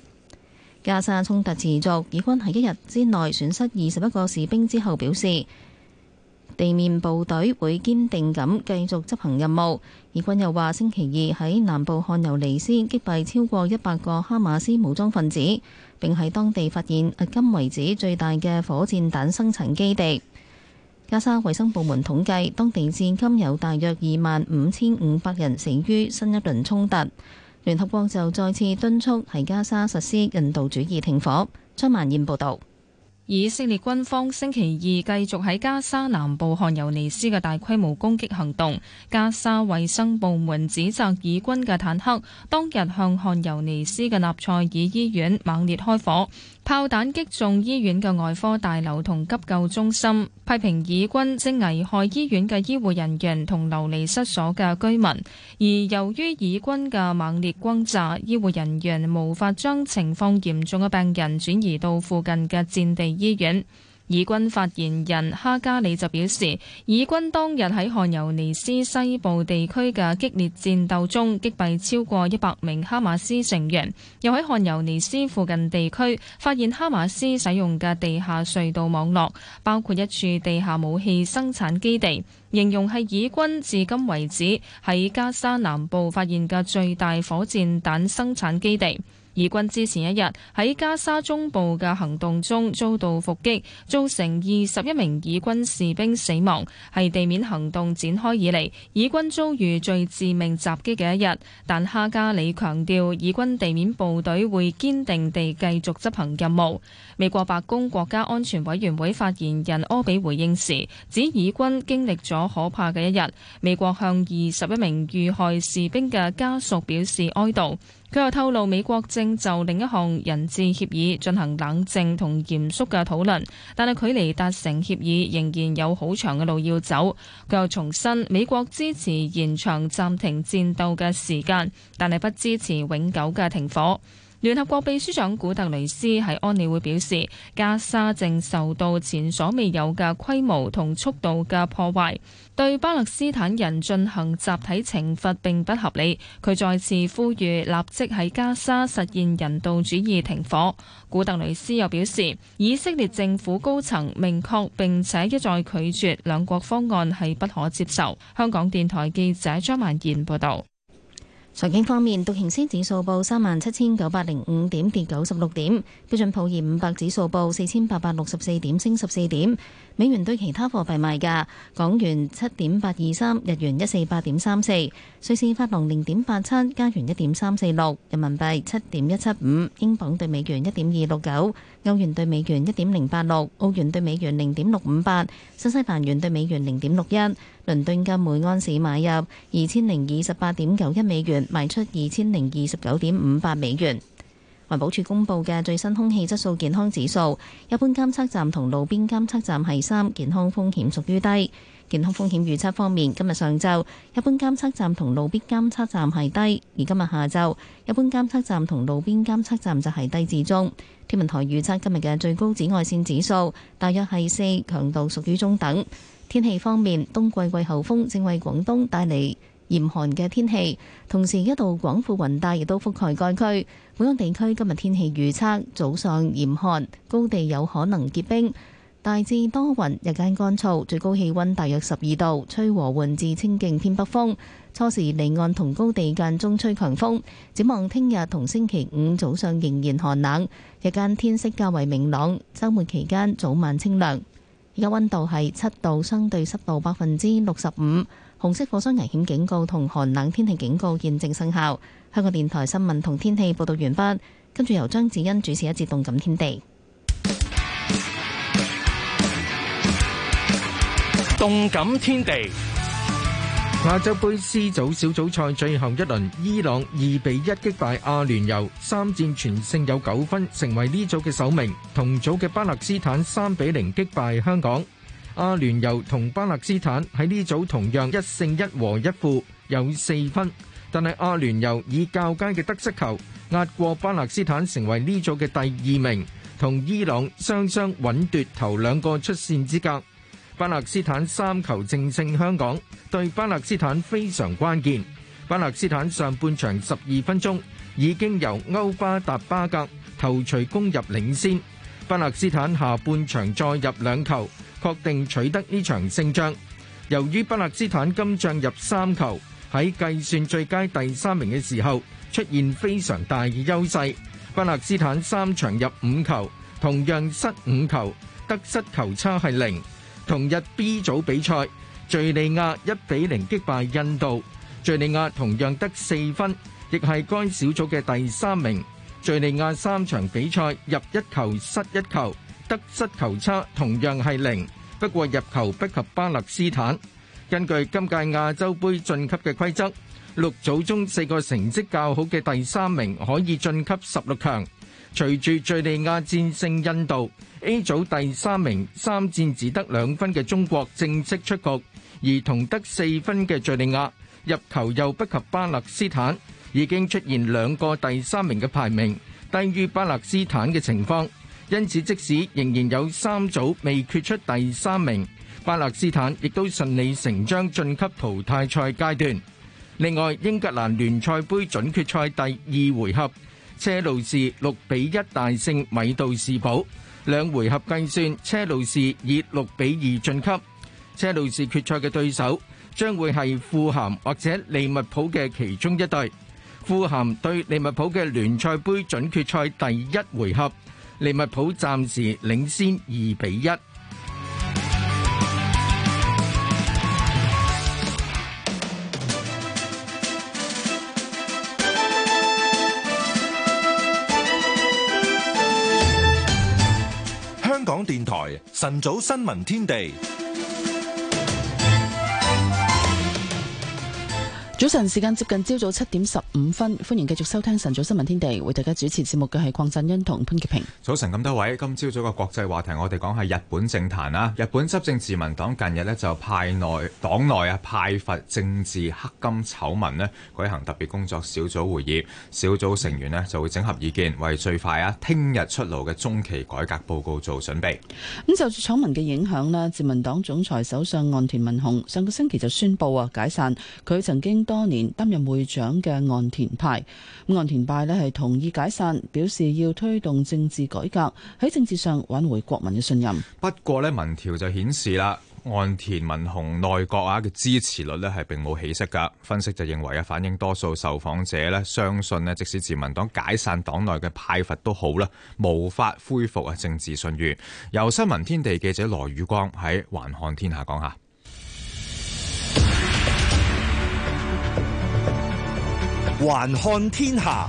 加沙衝突持續，以軍喺一日之內損失二十一個士兵之後表示。地面部隊會堅定咁繼續執行任務。以軍又話，星期二喺南部漢尤尼斯擊斃超過一百個哈馬斯武裝分子，並喺當地發現迄今為止最大嘅火箭彈生產基地。加沙衛生部門統計，當地至今有大約二萬五千五百人死於新一輪衝突。聯合國就再次敦促喺加沙實施人道主義停火。張萬燕報導。以色列軍方星期二繼續喺加沙南部漢尤尼斯嘅大規模攻擊行動。加沙衛生部門指責以軍嘅坦克，當日向漢尤尼斯嘅納賽爾醫院猛烈開火。炮彈擊中醫院嘅外科大樓同急救中心，批評以軍正危害醫院嘅醫護人員同流離失所嘅居民，而由於以軍嘅猛烈轟炸，醫護人員無法將情況嚴重嘅病人轉移到附近嘅戰地醫院。以軍發言人哈加里就表示，以軍當日喺漢尤尼斯西部地區嘅激烈戰鬥中擊斃超過一百名哈馬斯成員，又喺漢尤尼斯附近地區發現哈馬斯使用嘅地下隧道網絡，包括一處地下武器生產基地，形容係以軍至今為止喺加沙南部發現嘅最大火箭彈生產基地。以軍之前一日喺加沙中部嘅行動中遭到伏擊，造成二十一名以軍士兵死亡，係地面行動展開以嚟以軍遭遇最致命襲擊嘅一日。但哈加里強調，以軍地面部隊會堅定地繼續執行任務。美國白宮國家安全委員會發言人柯比回應時指，以軍經歷咗可怕嘅一日，美國向二十一名遇害士兵嘅家屬表示哀悼。佢又透露，美國正就另一項人質協議進行冷靜同嚴肅嘅討論，但係距離達成協議仍然有好長嘅路要走。佢又重申，美國支持延長暫停戰鬥嘅時間，但係不支持永久嘅停火。聯合國秘書長古特雷斯喺安理會表示，加沙正受到前所未有嘅規模同速度嘅破壞，對巴勒斯坦人進行集體懲罰並不合理。佢再次呼籲立即喺加沙實現人道主義停火。古特雷斯又表示，以色列政府高層明確並且一再拒絕兩國方案係不可接受。香港電台記者張萬賢報導。財經方面，道瓊斯指數報三萬七千九百零五點，跌九十六點；標準普爾五百指數報四千八百六十四點，升十四點。美元對其他貨幣賣價：港元七點八二三，日元一四八點三四，瑞士法郎零點八七，加元一點三四六，人民幣七點一七五，英鎊兌美元一點二六九，歐元兌美元一點零八六，澳元兌美元零點六五八，新西蘭元兌美元零點六一。倫敦嘅每安士買入二千零二十八點九一美元，賣出二千零二十九點五八美元。環保署公布嘅最新空氣質素健康指數，一般監測站同路邊監測站係三，健康風險屬於低。健康風險預測方面，今日上晝一般監測站同路邊監測站係低，而今日下晝一般監測站同路邊監測站就係低至中。天文台預測今日嘅最高紫外線指數大約係四，強度屬於中等。天氣方面，冬季季候風正為廣東帶嚟嚴寒嘅天氣，同時一道廣闊雲帶亦都覆蓋該區。本港地區今日天氣預測：早上嚴寒，高地有可能結冰，大致多雲，日間乾燥，最高氣溫大約十二度，吹和緩至清勁偏北風。初時離岸同高地間中吹強風。展望聽日同星期五早上仍然寒冷，日間天色較為明朗，週末期間早晚清涼。而家溫度係七度，相對濕度百分之六十五。紅色火災危險警告同寒冷天氣警告現正生效。香港電台新聞同天氣報道完畢，跟住由張子欣主持一節《動感天地》。《動感天地》亞洲杯 C 組小組賽最後一輪，伊朗2比1擊敗阿聯酋，三戰全勝有九分，成為呢組嘅首名。同組嘅巴勒斯坦3比0擊敗香港，阿聯酋同巴勒斯坦喺呢組同樣一勝一和一負，有4分。巴勒斯坦三球正勝香港，對巴勒斯坦非常關鍵。巴勒斯坦上半場十二分鐘已經由歐巴達巴格頭鎚攻入領先，巴勒斯坦下半場再入兩球，確定取得呢場勝仗。由於巴勒斯坦今仗入三球喺計算最佳第三名嘅時候出現非常大嘅優勢，巴勒斯坦三場入五球，同樣失五球，得失球差係零。同日 B 組比賽，敘利亞一比零擊敗印度，敘利亞同樣得四分，亦係該小組嘅第三名。敘利亞三場比賽入一球失一球，得失球差同樣係零，不過入球不及巴勒斯坦。根據今屆亞洲盃晉級嘅規則，六組中四個成績較好嘅第三名可以晉級十六強。隨住敍利亞戰勝印度，A 組第三名三戰只得兩分嘅中國正式出局，而同得四分嘅敍利亞入球又不及巴勒斯坦，已經出現兩個第三名嘅排名低於巴勒斯坦嘅情況。因此，即使仍然有三組未決出第三名，巴勒斯坦亦都順理成章晉級淘汰賽階段。另外，英格蘭聯賽杯準決賽第二回合。車路士六比一大勝米杜士堡，兩回合計算，車路士以六比二晉級。車路士決賽嘅對手將會係富咸或者利物浦嘅其中一隊。富咸對利物浦嘅聯賽杯準決賽第一回合，利物浦暫時領先二比一。香港電台晨早新聞天地。早晨，時間接近朝早七點十五分，歡迎繼續收聽晨早新聞天地，為大家主持節目嘅係鄺振英同潘潔平。早晨，咁多位，今朝早嘅國際話題，我哋講係日本政壇啦。日本執政自民黨近日呢就派內黨內啊派發政治黑金醜聞咧舉行特別工作小組會議，小組成員呢就會整合意見，為最快啊聽日出爐嘅中期改革報告做準備。咁受住醜聞嘅影響咧，自民黨總裁首相岸田文雄上個星期就宣布啊解散佢曾經多年擔任會長嘅岸田派，岸田派咧係同意解散，表示要推動政治改革，喺政治上挽回國民嘅信任。不過，咧，民調就顯示啦，岸田文雄內閣啊嘅支持率咧係並冇起色噶。分析就認為啊，反映多數受訪者咧相信咧，即使自民黨解散黨內嘅派閥都好啦，無法恢復啊政治信譽。由新聞天地記者羅宇光喺環看天下講下。環看天下，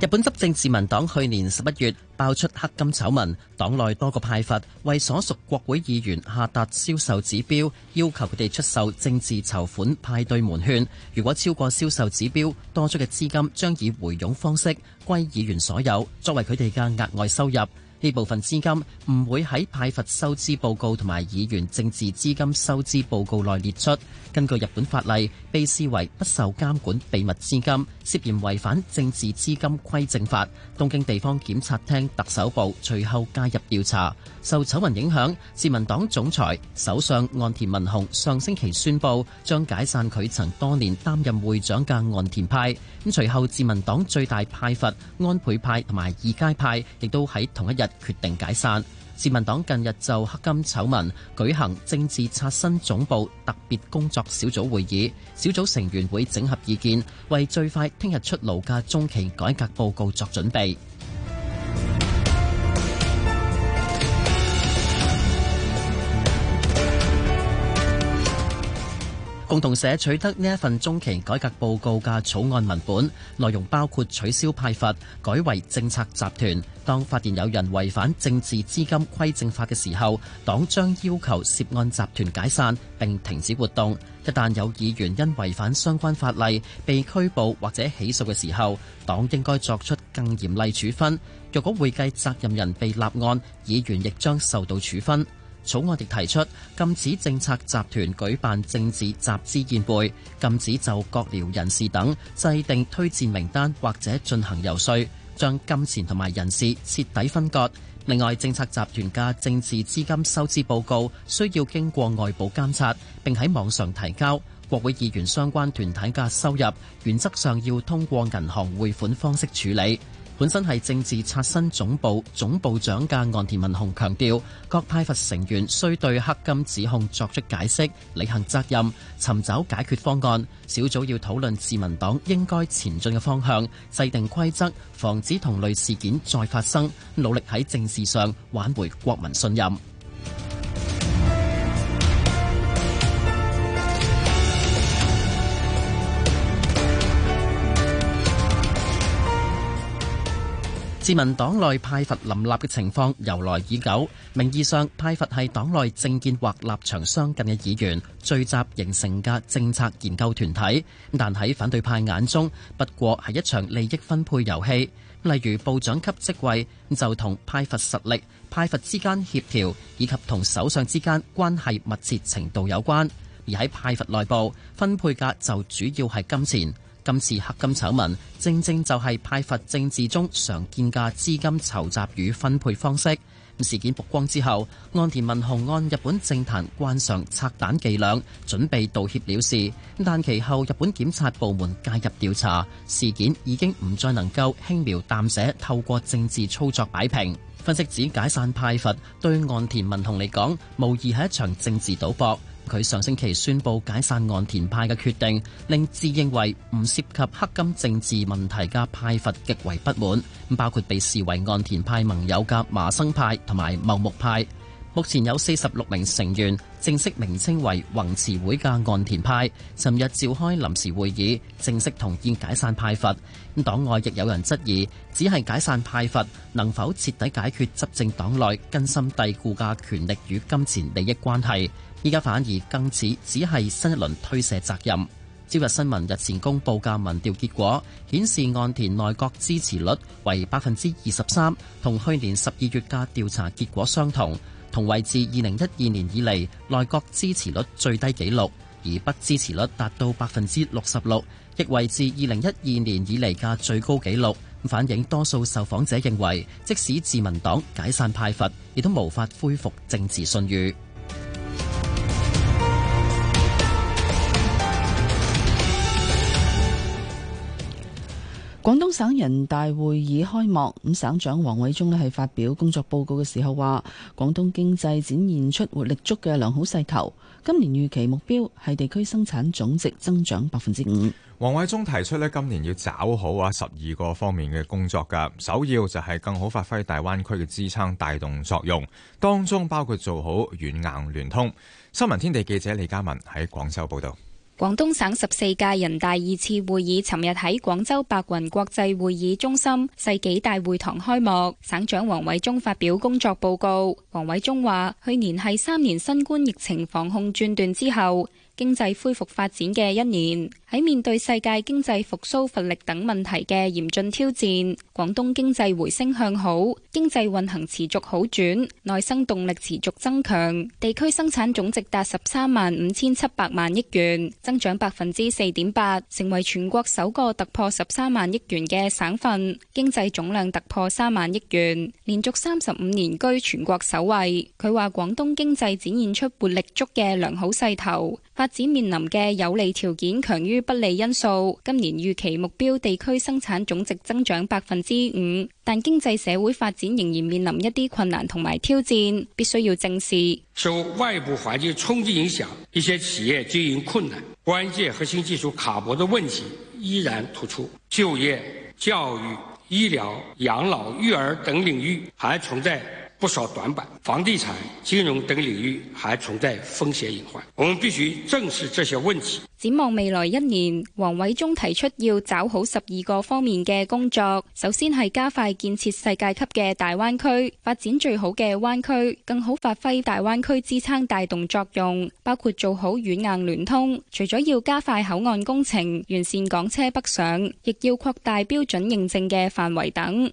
日本執政自民黨去年十一月爆出黑金醜聞，黨內多個派閥為所屬國會議員下達銷售指標，要求佢哋出售政治籌款派對門券。如果超過銷售指標，多出嘅資金將以回佣方式歸議員所有，作為佢哋嘅額外收入。呢部分資金唔會喺派閥收支報告同埋議員政治資金收支報告內列出。根據日本法例，被視為不受監管秘密資金，涉嫌違反政治資金規正法。東京地方檢察廳特首部隨後介入調查。受醜聞影響，自民黨總裁首相岸田文雄上星期宣布將解散佢曾多年擔任會長嘅岸田派。咁隨後，自民黨最大派閥安倍派同埋二階派亦都喺同一日。決定解散。自民黨近日就黑金醜聞舉行政治刷新總部特別工作小組會議，小組成員會整合意見，為最快聽日出爐嘅中期改革報告作準備。共同社取得呢一份中期改革報告嘅草案文本，內容包括取消派閥改為政策集團，當發現有人違反政治資金規正法嘅時候，黨將要求涉案集團解散並停止活動，一旦有議員因違反相關法例被拘捕或者起訴嘅時候，黨應該作出更嚴厲處分。若果會計責任人被立案，議員亦將受到處分。草案亦提出禁止政策集團舉辦政治集資宴會，禁止就閣僚人士等制定推薦名單或者進行遊說，將金錢同埋人士徹底分割，另外，政策集團嘅政治資金收支報告需要經過外部監察，並喺網上提交。國會議員相關團體嘅收入原則上要通過銀行匯款方式處理。本身係政治刷新總部總部長嘅岸田文雄強調，各派閥成員需對黑金指控作出解釋，履行責任，尋找解決方案。小組要討論自民黨應該前進嘅方向，制定規則，防止同類事件再發生，努力喺政治上挽回國民信任。自民黨內派閥林立嘅情況由來已久，名義上派閥係黨內政見或立場相近嘅議員聚集形成嘅政策研究團體，但喺反對派眼中不過係一場利益分配遊戲。例如部長級職位就同派閥實力、派閥之間協調以及同首相之間關係密切程度有關，而喺派閥內部分配嘅就主要係金錢。今次黑金醜聞，正正就係派閥政治中常見嘅資金籌集與分配方式。事件曝光之後，岸田文雄按日本政壇慣常拆彈伎倆，準備道歉了事。但其後，日本檢察部門介入調查，事件已經唔再能夠輕描淡寫透過政治操作擺平。分析指解散派閥對岸田文雄嚟講，無疑係一場政治賭博。佢上星期宣布解散岸田派嘅決定，令自認為唔涉及黑金政治問題嘅派閥極為不滿，包括被視為岸田派盟友嘅麻生派同埋茂木派。目前有四十六名成員，正式名稱為宏池會嘅岸田派，尋日召開臨時會議，正式同意解散派閥。咁黨外亦有人質疑，只係解散派閥能否徹底解決執政黨內根深蒂固嘅權力與金錢利益關係。依家反而更似只係新一輪推卸責任。朝日新聞日前公布嘅民調結果顯示，岸田內閣支持率為百分之二十三，同去年十二月嘅調查結果相同，同為自二零一二年以嚟內閣支持率最低紀錄，而不支持率達到百分之六十六，亦為自二零一二年以嚟嘅最高紀錄，反映多數受訪者認為，即使自民黨解散派閥，亦都無法恢復政治信譽。廣東省人大會議開幕，咁省長王偉中咧係發表工作報告嘅時候話，廣東經濟展現出活力足嘅良好勢頭。今年預期目標係地區生產總值增長百分之五。王偉中提出咧，今年要抓好啊十二個方面嘅工作噶，首要就係更好發揮大灣區嘅支撐帶動作用，當中包括做好軟硬聯通。新聞天地記者李嘉文喺廣州報道。廣東省十四屆人大二次會議尋日喺廣州白雲國際會議中心世紀大會堂開幕，省長王偉中發表工作報告。王偉中話：去年係三年新冠疫情防控轉段之後，經濟恢復發展嘅一年，喺面對世界經濟復甦乏力等問題嘅嚴峻挑戰，廣東經濟回升向好，經濟運行持續好轉，內生動力持續增強，地區生產總值達十三萬五千七百萬億元，增長百分之四點八，成為全國首個突破十三萬億元嘅省份，經濟總量突破三萬億元，連續三十五年居全國首位。佢話廣東經濟展現出活力足嘅良好勢頭。發展面臨嘅有利條件強於不利因素，今年預期目標地區生產總值增長百分之五，但經濟社會發展仍然面臨一啲困難同埋挑戰，必須要正視。受外部環境衝擊影響，一些企業經營困難，關鍵核心技術卡脖的問題依然突出，就業、教育、醫療、養老、育兒等領域還存在。不少短板，房地產、金融等領域還存在風險隱患，我們必須正視這些問題。展望未來一年，王偉中提出要抓好十二個方面嘅工作，首先係加快建設世界級嘅大灣區，發展最好嘅灣區，更好發揮大灣區支撐帶動作用，包括做好軟硬聯通。除咗要加快口岸工程、完善港車北上，亦要擴大標準認證嘅範圍等。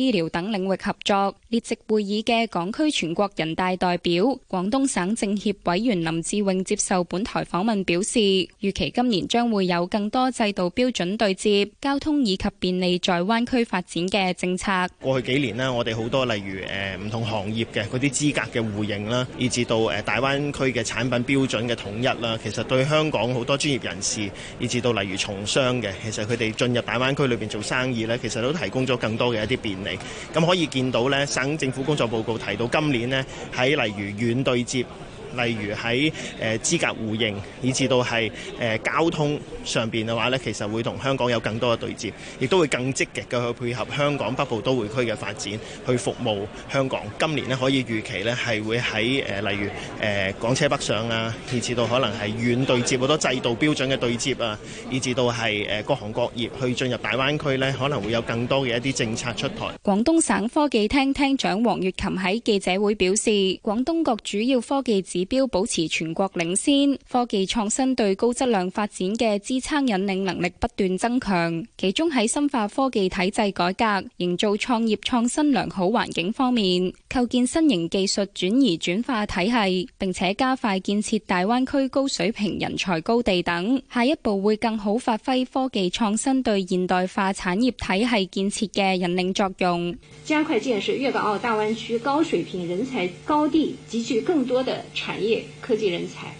醫療等領域合作，列席會議嘅港區全國人大代表、廣東省政協委員林志穎接受本台訪問表示，預期今年將會有更多制度標準對接、交通以及便利在灣區發展嘅政策。過去幾年咧，我哋好多例如誒唔同行業嘅嗰啲資格嘅互認啦，以至到誒大灣區嘅產品標準嘅統一啦，其實對香港好多專業人士，以至到例如從商嘅，其實佢哋進入大灣區裏邊做生意咧，其實都提供咗更多嘅一啲便利。咁可以見到咧，省政府工作報告提到今年咧，喺例如縣對接。例如喺誒資格互認，以至到係誒交通上邊嘅話咧，其實會同香港有更多嘅對接，亦都會更積極嘅去配合香港北部都會區嘅發展，去服務香港。今年咧可以預期咧係會喺誒例如誒港車北上啊，以至到可能係遠對接好多制度標準嘅對接啊，以至到係誒各行各業去進入大灣區咧，可能會有更多嘅一啲政策出台。廣東省科技廳廳長黃月琴喺記者會表示，廣東各主要科技指標保持全國領先，科技創新對高質量發展嘅支撐引領能力不斷增強。其中喺深化科技體制改革、營造創業創新良好環境方面，構建新型技術轉移轉化體系，並且加快建設大灣區高水平人才高地等，下一步會更好發揮科技創新對現代化產業體系建設嘅引領作用，加快建設粵港澳大灣區高水平人才高地，集聚更多的產業科技人才。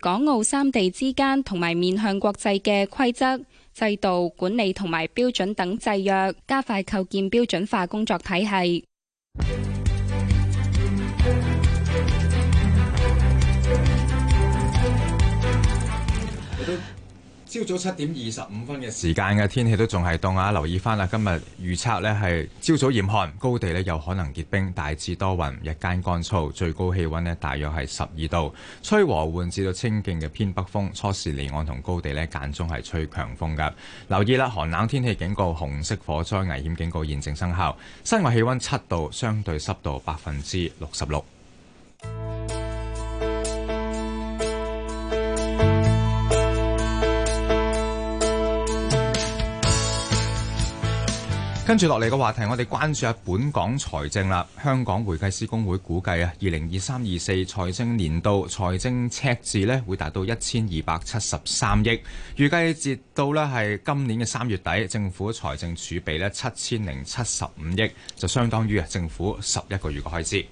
港澳三地之間同埋面向國際嘅規則、制度、管理同埋標準等制約，加快構建標準化工作體系。朝早七點二十五分嘅時間嘅、啊、天氣都仲係凍啊！留意翻啦，今日預測呢係朝早嚴寒，高地呢有可能結冰，大致多雲，日間乾燥，最高氣温呢大約係十二度，吹和緩至到清勁嘅偏北風，初時離岸同高地呢間中係吹強風噶。留意啦，寒冷天氣警告、紅色火災危險警告現正生效。室外氣温七度，相對濕度百分之六十六。跟住落嚟嘅話題，我哋關注下本港財政啦。香港會計師公會估計啊，二零二三二四財政年度財政赤字咧會達到一千二百七十三億，預計截到咧係今年嘅三月底，政府財政儲備咧七千零七十五億，就相當於啊政府十一個月嘅開支。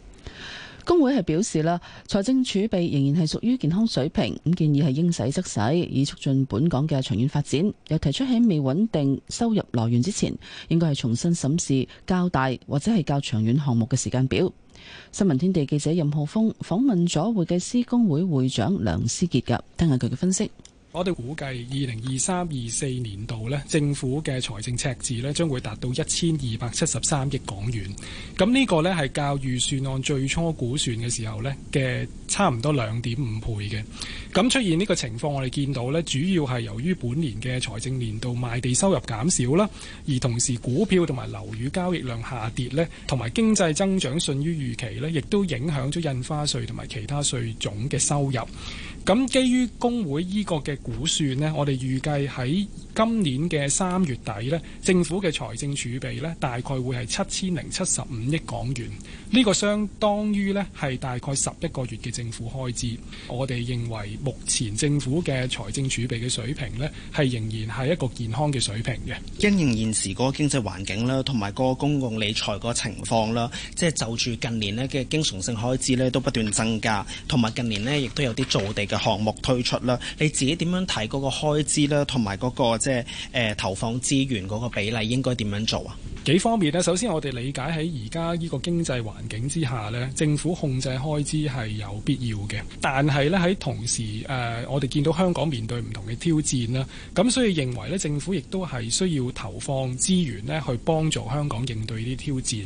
工會係表示啦，財政儲備仍然係屬於健康水平，咁建議係應使則使，以促進本港嘅長遠發展。又提出喺未穩定收入來源之前，應該係重新審視較大或者係較長遠項目嘅時間表。新聞天地記者任浩峰訪問咗會計師公會會長梁思杰噉，聽下佢嘅分析。我哋估計二零二三、二四年度咧，政府嘅財政赤字咧，將會達到一千二百七十三億港元。咁、嗯這個、呢個咧係較預算案最初估算嘅時候咧嘅差唔多兩點五倍嘅。咁、嗯、出現呢個情況，我哋見到咧，主要係由於本年嘅財政年度賣地收入減少啦，而同時股票同埋樓宇交易量下跌咧，同埋經濟增長遜於預期咧，亦都影響咗印花稅同埋其他稅種嘅收入。咁基於工會依個嘅估算呢，我哋預計喺今年嘅三月底呢，政府嘅財政儲備呢，大概會係七千零七十五億港元。呢個相當於呢，係大概十一個月嘅政府開支，我哋認為目前政府嘅財政儲備嘅水平呢，係仍然係一個健康嘅水平嘅。因應現時嗰個經濟環境啦，同埋嗰個公共理財個情況啦，即係就住近年呢嘅經常性開支呢都不斷增加，同埋近年呢亦都有啲造地嘅項目推出啦。你自己點樣睇嗰個開支啦，同埋嗰個即係誒投放資源嗰個比例應該點樣做啊？幾方面呢？首先，我哋理解喺而家呢個經濟環境之下呢，政府控制開支係有必要嘅。但係呢，喺同時，誒、呃、我哋見到香港面對唔同嘅挑戰啦，咁所以認為呢，政府亦都係需要投放資源呢去幫助香港應對呢啲挑戰。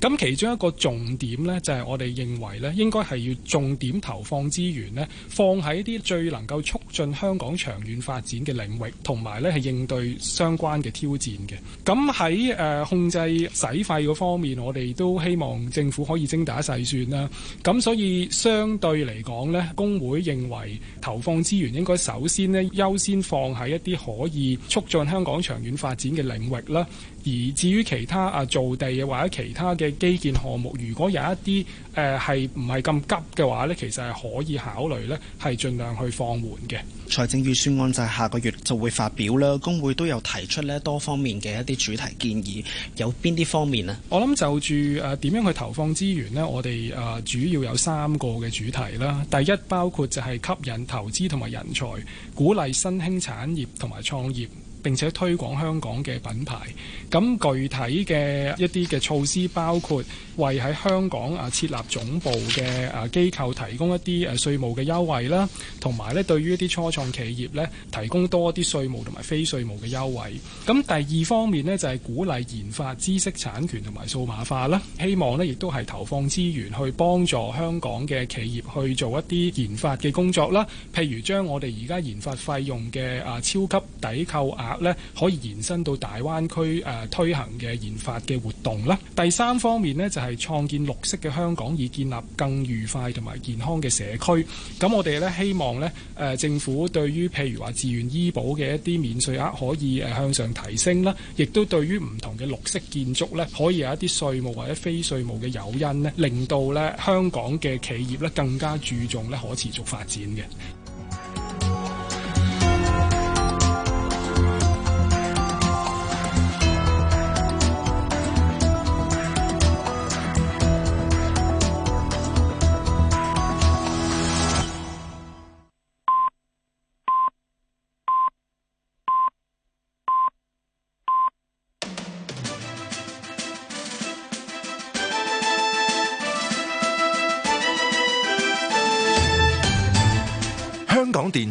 咁其中一個重點呢，就係、是、我哋認為呢應該係要重點投放資源呢，放喺啲最能夠促進香港長遠發展嘅領域，同埋呢係應對相關嘅挑戰嘅。咁喺誒。呃控制使費嗰方面，我哋都希望政府可以精打細算啦。咁所以相對嚟講呢，工會認為投放資源應該首先呢優先放喺一啲可以促進香港長遠發展嘅領域啦。而至於其他啊造地或者其他嘅基建項目，如果有一啲誒係唔係咁急嘅話呢，其實係可以考慮呢，係盡量去放緩嘅。財政預算案就係下個月就會發表啦。工會都有提出呢，多方面嘅一啲主題建議，有邊啲方面呢？我諗就住誒點樣去投放資源呢？我哋啊、呃、主要有三個嘅主題啦。第一包括就係吸引投資同埋人才，鼓勵新興產業同埋創業。並且推廣香港嘅品牌。咁具體嘅一啲嘅措施，包括為喺香港啊設立總部嘅啊機構提供一啲誒啊稅務嘅優惠啦，同埋呢對於一啲初創企業呢，提供多啲稅務同埋非稅務嘅優惠。咁第二方面呢，就係鼓勵研發知識產權同埋數碼化啦，希望呢，亦都係投放資源去幫助香港嘅企業去做一啲研發嘅工作啦。譬如將我哋而家研發費用嘅啊超級抵扣額。咧可以延伸到大灣區誒、呃、推行嘅研發嘅活動啦。第三方面呢，就係、是、創建綠色嘅香港，以建立更愉快同埋健康嘅社區。咁我哋咧希望呢誒、呃、政府對於譬如話自願醫保嘅一啲免稅額可以誒、呃、向上提升啦，亦都對於唔同嘅綠色建築呢，可以有一啲稅務或者非稅務嘅誘因呢，令到呢香港嘅企業呢更加注重呢可持續發展嘅。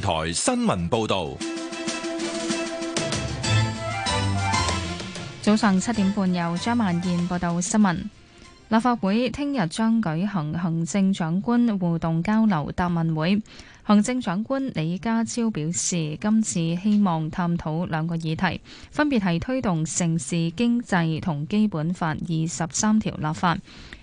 台新聞報導，早上七點半由張萬燕報道新聞。立法會聽日將舉行行政長官互動交流答問會，行政長官李家超表示，今次希望探討兩個議題，分別係推動城市經濟同基本法二十三條立法。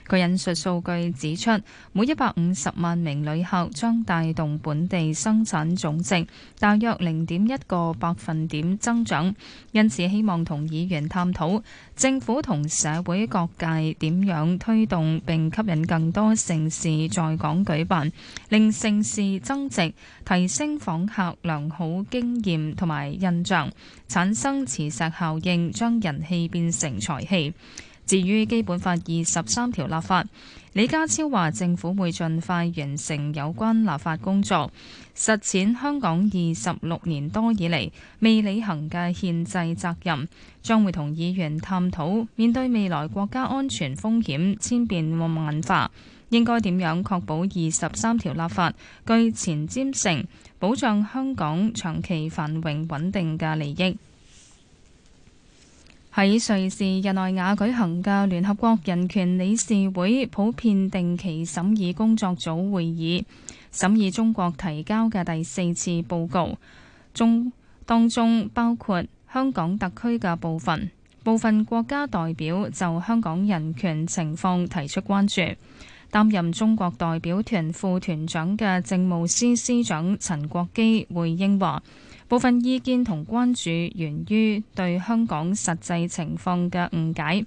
佢引述數據指出，每一百五十萬名旅客將帶動本地生產總值大約零點一個百分點增長，因此希望同議員探討政府同社會各界點樣推動並吸引更多城市在港舉辦，令城市增值，提升訪客良好經驗同埋印象，產生磁石效應，將人氣變成財氣。至於基本法二十三條立法，李家超話政府會盡快完成有關立法工作，實踐香港二十六年多以嚟未履行嘅憲制責任，將會同議員探討面對未來國家安全風險千變萬化，應該點樣確保二十三條立法具前瞻性，保障香港長期繁榮穩定嘅利益。喺瑞士日內瓦舉行嘅聯合國人權理事會普遍定期審議工作組會議，審議中國提交嘅第四次報告，中當中包括香港特區嘅部分。部分國家代表就香港人權情況提出關注。擔任中國代表團副團長嘅政務司司長陳國基回應話，部分意見同關注源於對香港實際情況嘅誤解。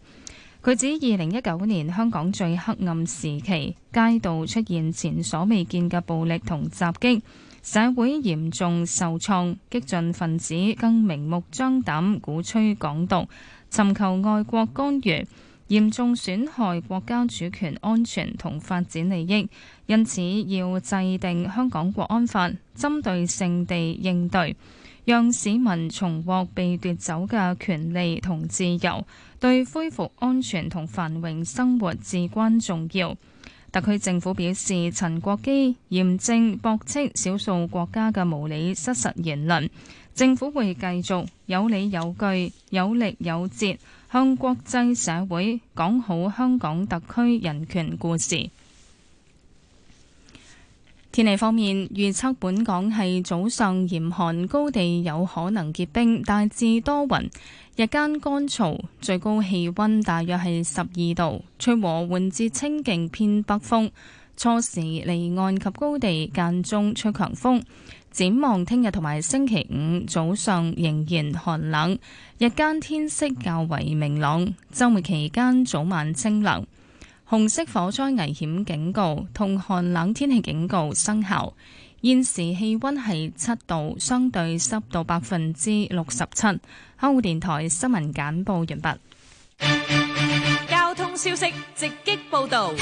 佢指，二零一九年香港最黑暗時期，街道出現前所未見嘅暴力同襲擊，社會嚴重受創，激進分子更明目張膽鼓吹港獨，尋求外國干預。嚴重損害國家主權、安全同發展利益，因此要制定香港國安法，針對性地應對，讓市民重獲被奪走嘅權利同自由，對恢復安全同繁榮生活至關重要。特區政府表示，陳國基嚴正駁斥少數國家嘅無理失實言論，政府會繼續有理有據、有力有節，向國際社會講好香港特區人權故事。天氣方面，預測本港係早上嚴寒，高地有可能結冰，大致多雲，日間乾燥，最高氣溫大約係十二度，吹和緩至清勁偏北風，初時離岸及高地間中吹強風。展望聽日同埋星期五早上仍然寒冷，日間天色較為明朗。週末期間早晚清涼。紅色火災危險警告同寒冷天氣警告生效。現時氣温係七度，相對濕度百分之六十七。香港電台新聞簡報完畢。交通消息直擊報導。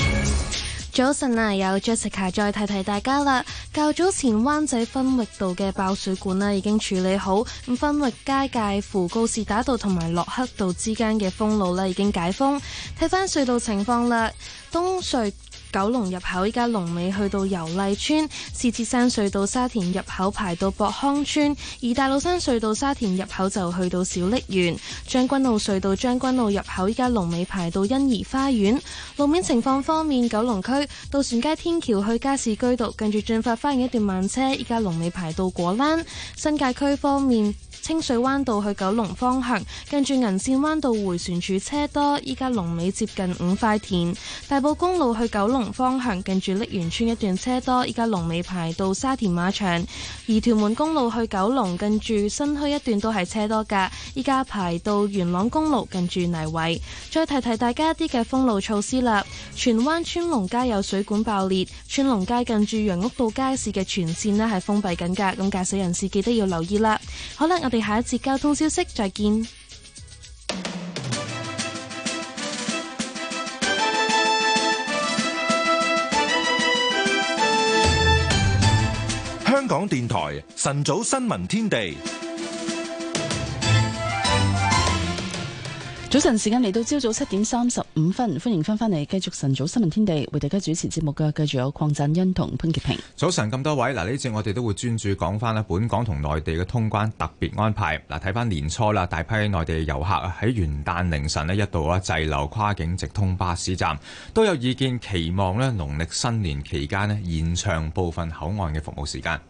早晨啊，有 Jessica 再提提大家啦。較早前灣仔分域道嘅爆水管呢已經處理好。咁分域街介乎告士打道同埋洛克道之間嘅封路呢已經解封。睇翻隧道情況啦，東隧。九龍入口依家龍尾去到油麗邨，獅子山隧道沙田入口排到博康村，而大老山隧道沙田入口就去到小瀝源，將軍澳隧道將軍澳入口依家龍尾排到欣怡花園。路面情況方面，九龍區渡船街天橋去加士居道跟住進發花園一段慢車，依家龍尾排到果欄。新界區方面。清水灣道去九龍方向，近住銀線灣道回旋處車多，依家龍尾接近五塊田。大埔公路去九龍方向，近住瀝源村一段車多，依家龍尾排到沙田馬場。而屯門公路去九龍，近住新墟一段都係車多噶，依家排到元朗公路，近住泥圍。再提提大家一啲嘅封路措施啦。荃灣川龍街有水管爆裂，川龍街近住楊屋道街市嘅全線呢係封閉緊噶，咁駕駛人士記得要留意啦。好啦，我哋下一節交通消息，再見。香港電台晨早新聞天地。早晨時間嚟到，朝早七點三十五分，歡迎翻翻嚟繼續晨早新聞天地，為大家主持節目嘅，繼續有鄺振恩同潘潔平。早晨咁多位嗱，呢節我哋都會專注講翻呢本港同內地嘅通關特別安排嗱，睇翻年初啦，大批內地遊客喺元旦凌晨呢一度啊滯留跨境直通巴士站，都有意見期望呢農曆新年期間呢，延長部分口岸嘅服務時間。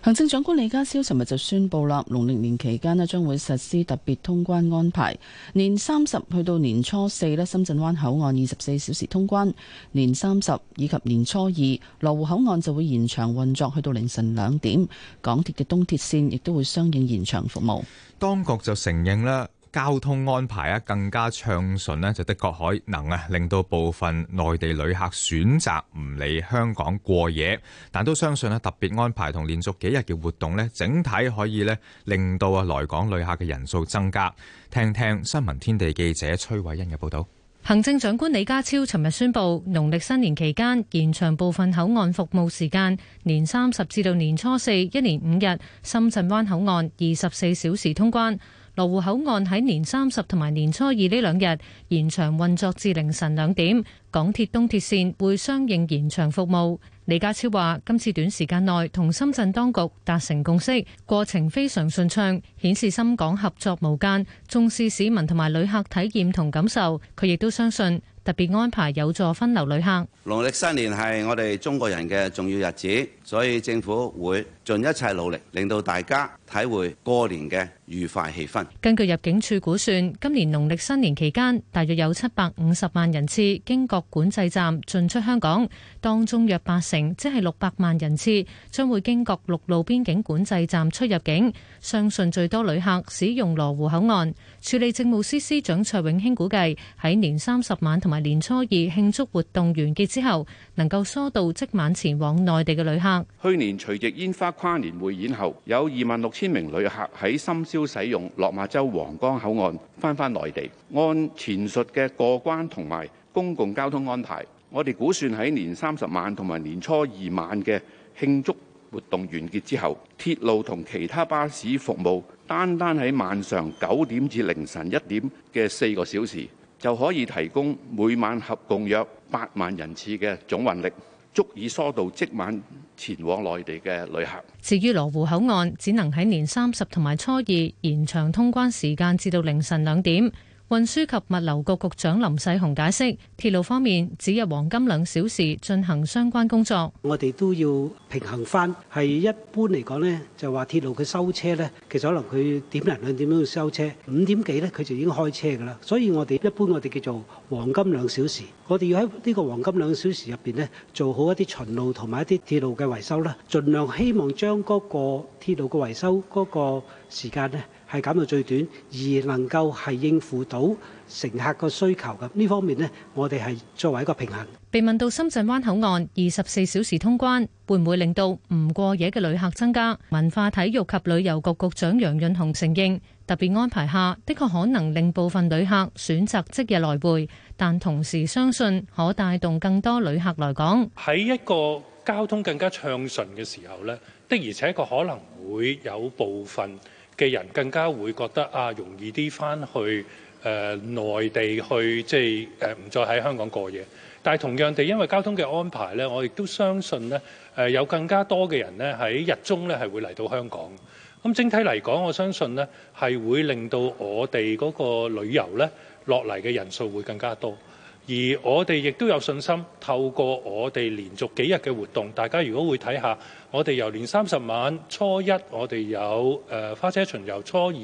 行政長官李家超尋日就宣布啦，農曆年期間呢將會實施特別通關安排。年三十去到年初四咧，深圳灣口岸二十四小時通關；年三十以及年初二，羅湖口岸就會延長運作去到凌晨兩點。港鐵嘅東鐵線亦都會相應延長服務。當局就承認啦。交通安排啊，更加暢順咧，就的確可能啊，令到部分內地旅客選擇唔嚟香港過夜。但都相信咧，特別安排同連續幾日嘅活動咧，整體可以咧，令到啊來港旅客嘅人數增加。聽聽新聞天地記者崔偉欣嘅報導。行政長官李家超尋日宣布，農曆新年期間延長部分口岸服務時間，年三十至到年初四，一連五日，深圳灣口岸二十四小時通關。羅湖口岸喺年三十同埋年初二呢兩日延長運作至凌晨兩點，港鐵東鐵綫會相應延長服務。李家超話：今次短時間內同深圳當局達成共識，過程非常順暢，顯示深港合作無間，重視市民同埋旅客體驗同感受。佢亦都相信，特別安排有助分流旅客。農曆新年係我哋中國人嘅重要日子。所以政府會盡一切努力，令到大家體會過年嘅愉快氣氛。根據入境處估算，今年農曆新年期間，大約有七百五十萬人次經各管制站進出香港，當中約八成，即係六百萬人次，將會經各陸路邊境管制站出入境。相信最多旅客使用羅湖口岸。處理政務司司長蔡永興估計，喺年三十晚同埋年初二慶祝活動完結之後，能夠疏導即晚前往內地嘅旅客。去年除夕煙花跨年匯演後，有二萬六千名旅客喺深宵使用落馬洲皇崗口岸翻返內地。按前述嘅過關同埋公共交通安排，我哋估算喺年三十晚同埋年初二晚嘅慶祝活動完結之後，鐵路同其他巴士服務，單單喺晚上九點至凌晨一點嘅四個小時，就可以提供每晚合共約八萬人次嘅總運力，足以疏導即晚前往內地嘅旅客。至於羅湖口岸，只能喺年三十同埋初二延長通關時間，至到凌晨兩點。運輸及物流局局長林世雄解釋，鐵路方面只有黃金兩小時進行相關工作係減到最短，而能夠係應付到乘客個需求嘅呢方面呢，我哋係作為一個平衡。被問到深圳灣口岸二十四小時通關會唔會令到唔過夜嘅旅客增加，文化體育及旅遊局局長楊潤雄承認特別安排下的確可能令部分旅客選擇即日來回，但同時相信可帶動更多旅客來港，喺一個交通更加暢順嘅時候呢，的而且確可能會有部分。嘅人更加會覺得啊容易啲翻去，誒呃、內地去即係誒唔再喺香港過夜，但係同樣地因為交通嘅安排咧，我亦都相信咧誒、呃、有更加多嘅人咧喺日中咧係會嚟到香港。咁、嗯、整體嚟講，我相信咧係會令到我哋嗰個旅遊咧落嚟嘅人數會更加多，而我哋亦都有信心透過我哋連續幾日嘅活動，大家如果會睇下。我哋由年三十晚、初一我，我哋有誒，花車巡遊，初二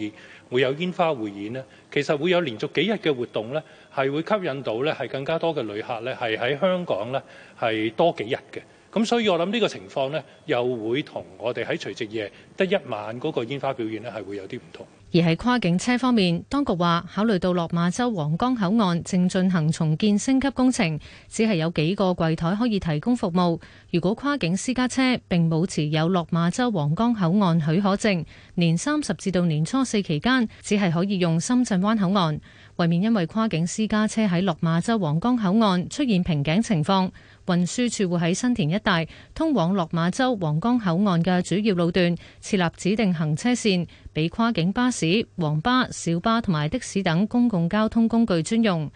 會有煙花匯演咧。其實會有連續幾日嘅活動咧，係會吸引到咧係更加多嘅旅客咧，係喺香港咧係多幾日嘅。咁所以我諗呢個情況咧，又會同我哋喺除夕夜得一晚嗰個煙花表演咧，係會有啲唔同。而喺跨境車方面，當局話考慮到落馬洲皇崗口岸正進行重建升級工程，只係有幾個櫃台可以提供服務。如果跨境私家車並冇持有落馬洲皇崗口岸許可證，年三十至到年初四期間，只係可以用深圳灣口岸，為免因為跨境私家車喺落馬洲皇崗口岸出現瓶頸情況。運輸處會喺新田一帶通往落馬洲皇崗口岸嘅主要路段設立指定行車線，俾跨境巴士、黃巴、小巴同埋的士等公共交通工具專用。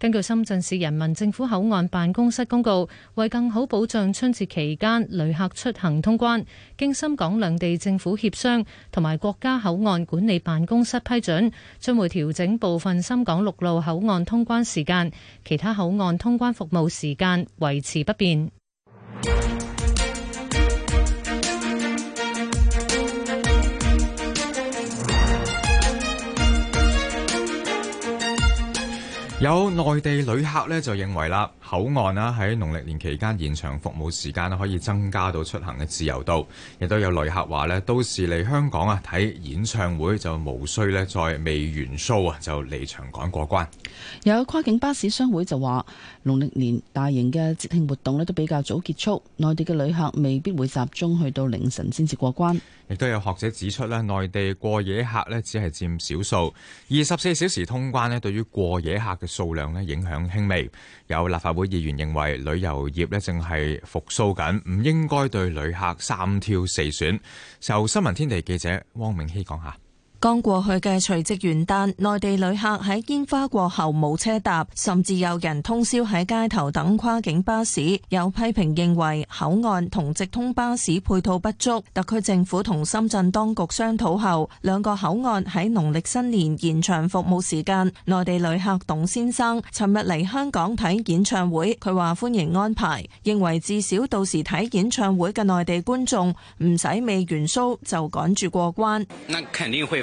根據深圳市人民政府口岸辦公室公告，為更好保障春節期間旅客出行通關，經深港兩地政府協商同埋國家口岸管理辦公室批准，將會調整部分深港陸路口岸通關時間，其他口岸通關服務時間維持不變。有內地旅客咧就認為啦，口岸啦喺農曆年期間延長服務時間，可以增加到出行嘅自由度。亦都有旅客話咧，到時嚟香港啊睇演唱會就無需咧再未完 show 啊就離場趕過關。有跨境巴士商會就話，農曆年大型嘅節慶活動咧都比較早結束，內地嘅旅客未必會集中去到凌晨先至過關。亦都有學者指出咧，內地過夜客咧只係佔少數，二十四小時通關咧對於過夜客嘅數量呢影響輕微，有立法會議員認為旅遊業呢正係復甦緊，唔應該對旅客三挑四選。受新聞天地記者汪明希講下。剛過去嘅除夕元旦，內地旅客喺煙花過後冇車搭，甚至有人通宵喺街頭等跨境巴士。有批評認為口岸同直通巴士配套不足。特區政府同深圳當局商討後，兩個口岸喺農曆新年延長服務時間。內地旅客董先生尋日嚟香港睇演唱會，佢話歡迎安排，認為至少到時睇演唱會嘅內地觀眾唔使未完 show 就趕住過關。那肯定會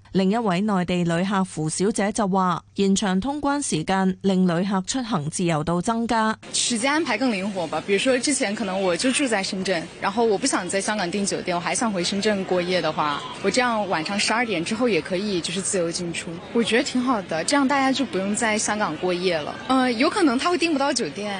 另一位內地旅客傅小姐就話，延長通關時間令旅客出行自由度增加，時間安排更靈活吧。比如說之前可能我就住在深圳，然後我不想在香港訂酒店，我還想回深圳過夜的話，我這樣晚上十二點之後也可以就是自由進出，我覺得挺好的，這樣大家就不用在香港過夜了。嗯、呃，有可能他會訂不到酒店。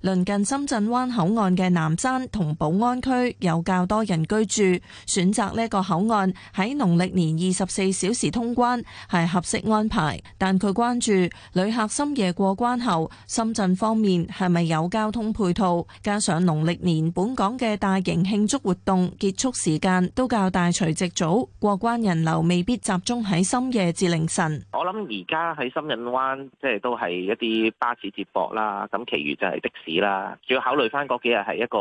鄰近深圳灣口岸嘅南山同寶安區有較多人居住，選擇呢一個口岸喺農曆年二十四小時通關係合適安排。但佢關注旅客深夜過關後，深圳方面係咪有交通配套？加上農曆年本港嘅大型慶祝活動結束時間都較大除夕早，過關人流未必集中喺深夜至凌晨。我諗而家喺深圳灣即係都係一啲巴士接駁啦，咁其餘就係的士。啦，主要考慮翻嗰幾日係一個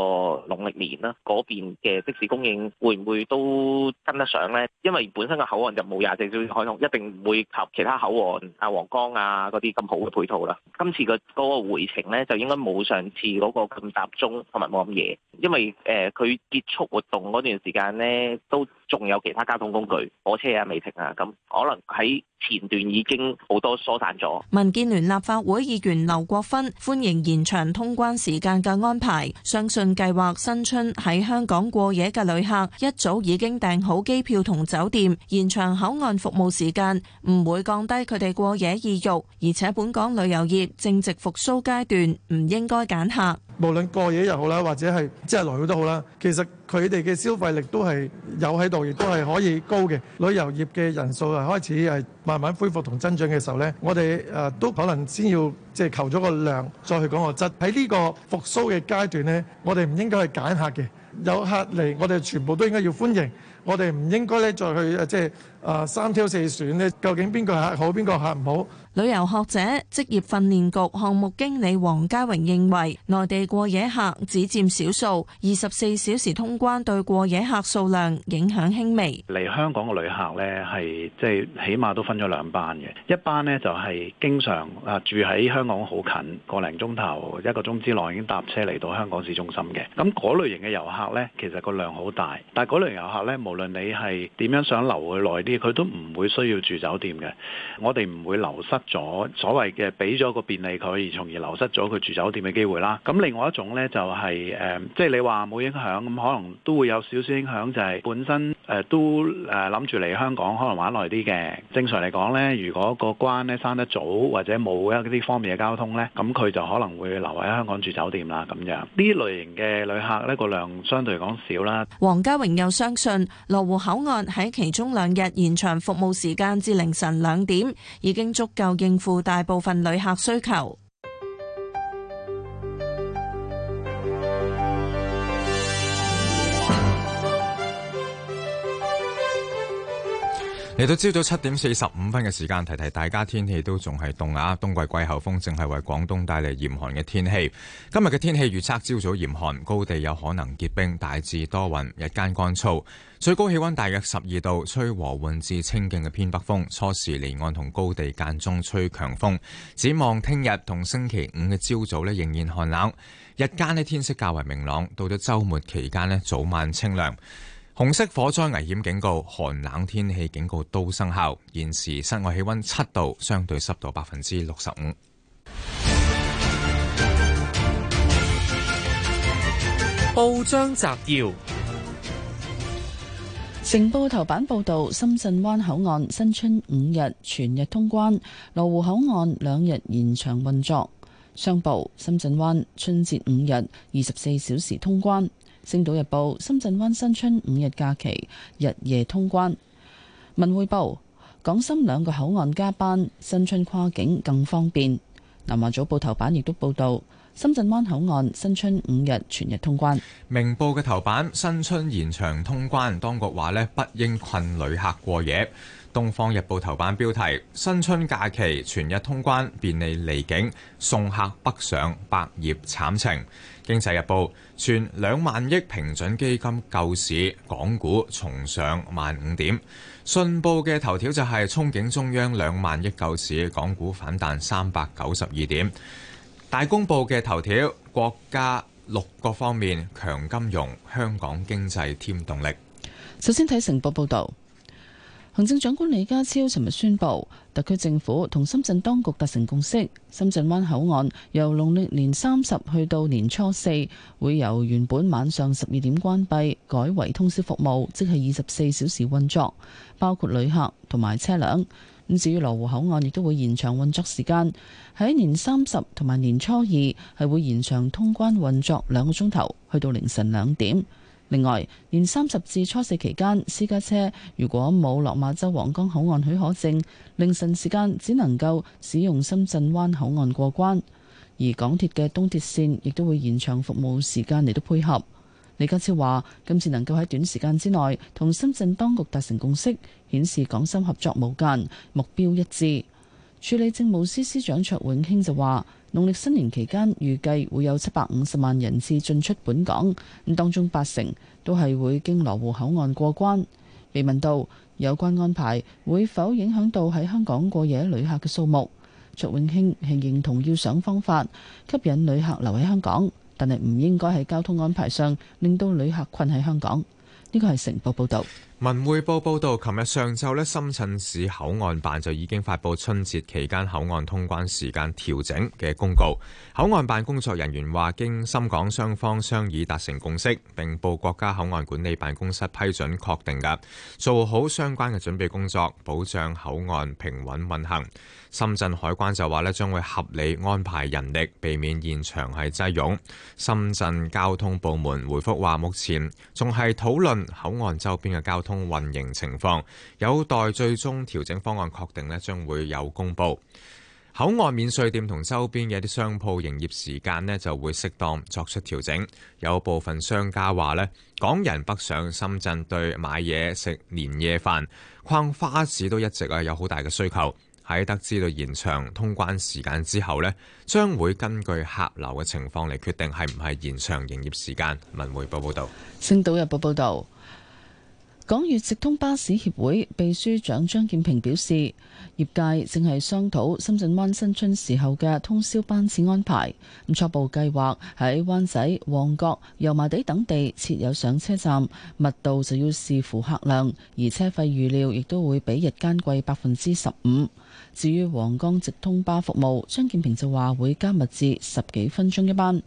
農曆年啦，嗰邊嘅即時供應會唔會都跟得上咧？因為本身個口岸就冇廿四小時開通，一定唔會及其他口岸啊，皇崗啊嗰啲咁好嘅配套啦。今次個嗰個回程咧，就應該冇上次嗰個咁集中，同埋冇咁夜，因為誒佢、呃、結束活動嗰段時間咧都。仲有其他交通工具，火車啊、未停啊，咁可能喺前段已經好多疏散咗。民建聯立法會議員劉國芬歡迎延長通關時間嘅安排，相信計劃新春喺香港過夜嘅旅客一早已經訂好機票同酒店，延長口岸服務時間，唔會降低佢哋過夜意欲，而且本港旅遊業正值復蘇階段，唔應該揀客。無論過夜又好啦，或者係即係來回都好啦，其實佢哋嘅消費力都係有喺度，亦都係可以高嘅。旅遊業嘅人數係開始係慢慢恢復同增長嘅時候呢，我哋誒都可能先要即係求咗個量，再去講個質。喺呢個復甦嘅階段呢，我哋唔應該去揀客嘅。有客嚟，我哋全部都應該要歡迎。我哋唔應該呢再去即係三挑四選呢，究竟邊個客好，邊個客唔好。旅遊學者、職業訓練局項目經理黃家榮認為，內地過夜客只佔少數，二十四小時通關對過夜客數量影響輕微。嚟香港嘅旅客呢，係即係起碼都分咗兩班嘅，一班呢，就係經常啊住喺香港好近，個零鐘頭、一個鐘之內已經搭車嚟到香港市中心嘅。咁嗰類型嘅遊客呢，其實個量好大，但係嗰類遊客呢，無論你係點樣想留佢耐啲，佢都唔會需要住酒店嘅。我哋唔會流失咗所謂嘅俾咗個便利佢，而從而流失咗佢住酒店嘅機會啦。咁另外一種呢，就係誒，即係你話冇影響咁，可能都會有少少影響，就係本身誒都誒諗住嚟香港可能玩耐啲嘅。正常嚟講呢，如果個關呢閂得早或者冇一啲方便嘅交通呢，咁佢就可能會留喺香港住酒店啦。咁樣呢類型嘅旅客呢，個量相對嚟講少啦。黃家榮又相信羅湖口岸喺其中兩日延長服務時間至凌晨兩點已經足夠。應付大部分旅客需求。嚟到朝早七點四十五分嘅時間，提提大家天氣都仲係凍啊！冬季季候風正係為廣東帶嚟嚴寒嘅天氣。今日嘅天氣預測，朝早嚴寒，高地有可能結冰，大致多雲，日間乾燥，最高氣溫大約十二度，吹和緩至清勁嘅偏北風，初時離岸同高地間中吹強風。展望聽日同星期五嘅朝早呢，仍然寒冷，日間呢，天色較為明朗，到咗周末期間呢，早晚清涼。紅色火災危險警告、寒冷天氣警告都生效。現時室外氣溫七度，相對濕度百分之六十五。報章摘要：成報頭版報道，深圳灣口岸新春五日全日通關，羅湖口岸兩日延長運作。商報：深圳灣春節五日二十四小時通關。《星島日報》深圳灣新春五日假期日夜通關，《文匯報》港深兩個口岸加班，新春跨境更方便。《南華早報》頭版亦都報道深圳灣口岸新春五日全日通關。《明報》嘅頭版新春延長通關，當局話呢，不應困旅客過夜。《東方日報》頭版標題：新春假期全日通關，便利離境，送客北上，百業慘情。經濟日報：全兩萬億平準基金救市，港股重上萬五點。信報嘅頭條就係憧憬中央兩萬億救市，港股反彈三百九十二點。大公報嘅頭條：國家六個方面強金融，香港經濟添動力。首先睇成報報道。行政長官李家超尋日宣布，特區政府同深圳當局達成共識，深圳灣口岸由農曆年三十去到年初四，會由原本晚上十二點關閉，改為通宵服務，即係二十四小時運作，包括旅客同埋車輛。咁至於羅湖口岸亦都會延長運作時間，喺年三十同埋年初二係會延長通關運作兩個鐘頭，去到凌晨兩點。另外，年三十至初四期間，私家車如果冇落馬洲皇崗口岸許可證，凌晨時間只能夠使用深圳灣口岸過關。而港鐵嘅東鐵線亦都會延長服務時間嚟到配合。李家超話：今次能夠喺短時間之內同深圳當局達成共識，顯示港深合作無間，目標一致。署理政務司司長卓永興就話。農曆新年期間預計會有七百五十萬人次進出本港，咁當中八成都係會經羅湖口岸過關。被問到有關安排會否影響到喺香港過夜旅客嘅數目，卓永興係認同要想方法吸引旅客留喺香港，但係唔應該喺交通安排上令到旅客困喺香港。呢個係成報報道。文匯報報道，琴日上晝咧，深圳市口岸辦就已經發佈春節期間口岸通關時間調整嘅公告。口岸辦工作人員話，經深港雙方商議達成共識，並報國家口岸管理辦公室批准確定嘅，做好相關嘅準備工作，保障口岸平穩運、運行。深圳海關就話咧，將會合理安排人力，避免現場係擠擁。深圳交通部門回覆話，目前仲係討論口岸周邊嘅交通。通運營情況有待最終調整方案確定咧，將會有公布。口岸免稅店同周邊嘅一啲商鋪營業時間咧就會適當作出調整。有部分商家話咧，港人北上深圳對買嘢食年夜飯、逛花市都一直啊有好大嘅需求。喺得知到延長通關時間之後咧，將會根據客流嘅情況嚟，決定係唔係延長營業時間。文匯報報道，星島日報報道。港粵直通巴士協會秘書長張建平表示，業界正係商討深圳灣新春時候嘅通宵班次安排，咁初步計劃喺灣仔、旺角、油麻地等地設有上車站，密度就要視乎客量，而車費預料亦都會比日間貴百分之十五。至於皇崗直通巴服務，張建平就話會加密至十幾分鐘一班。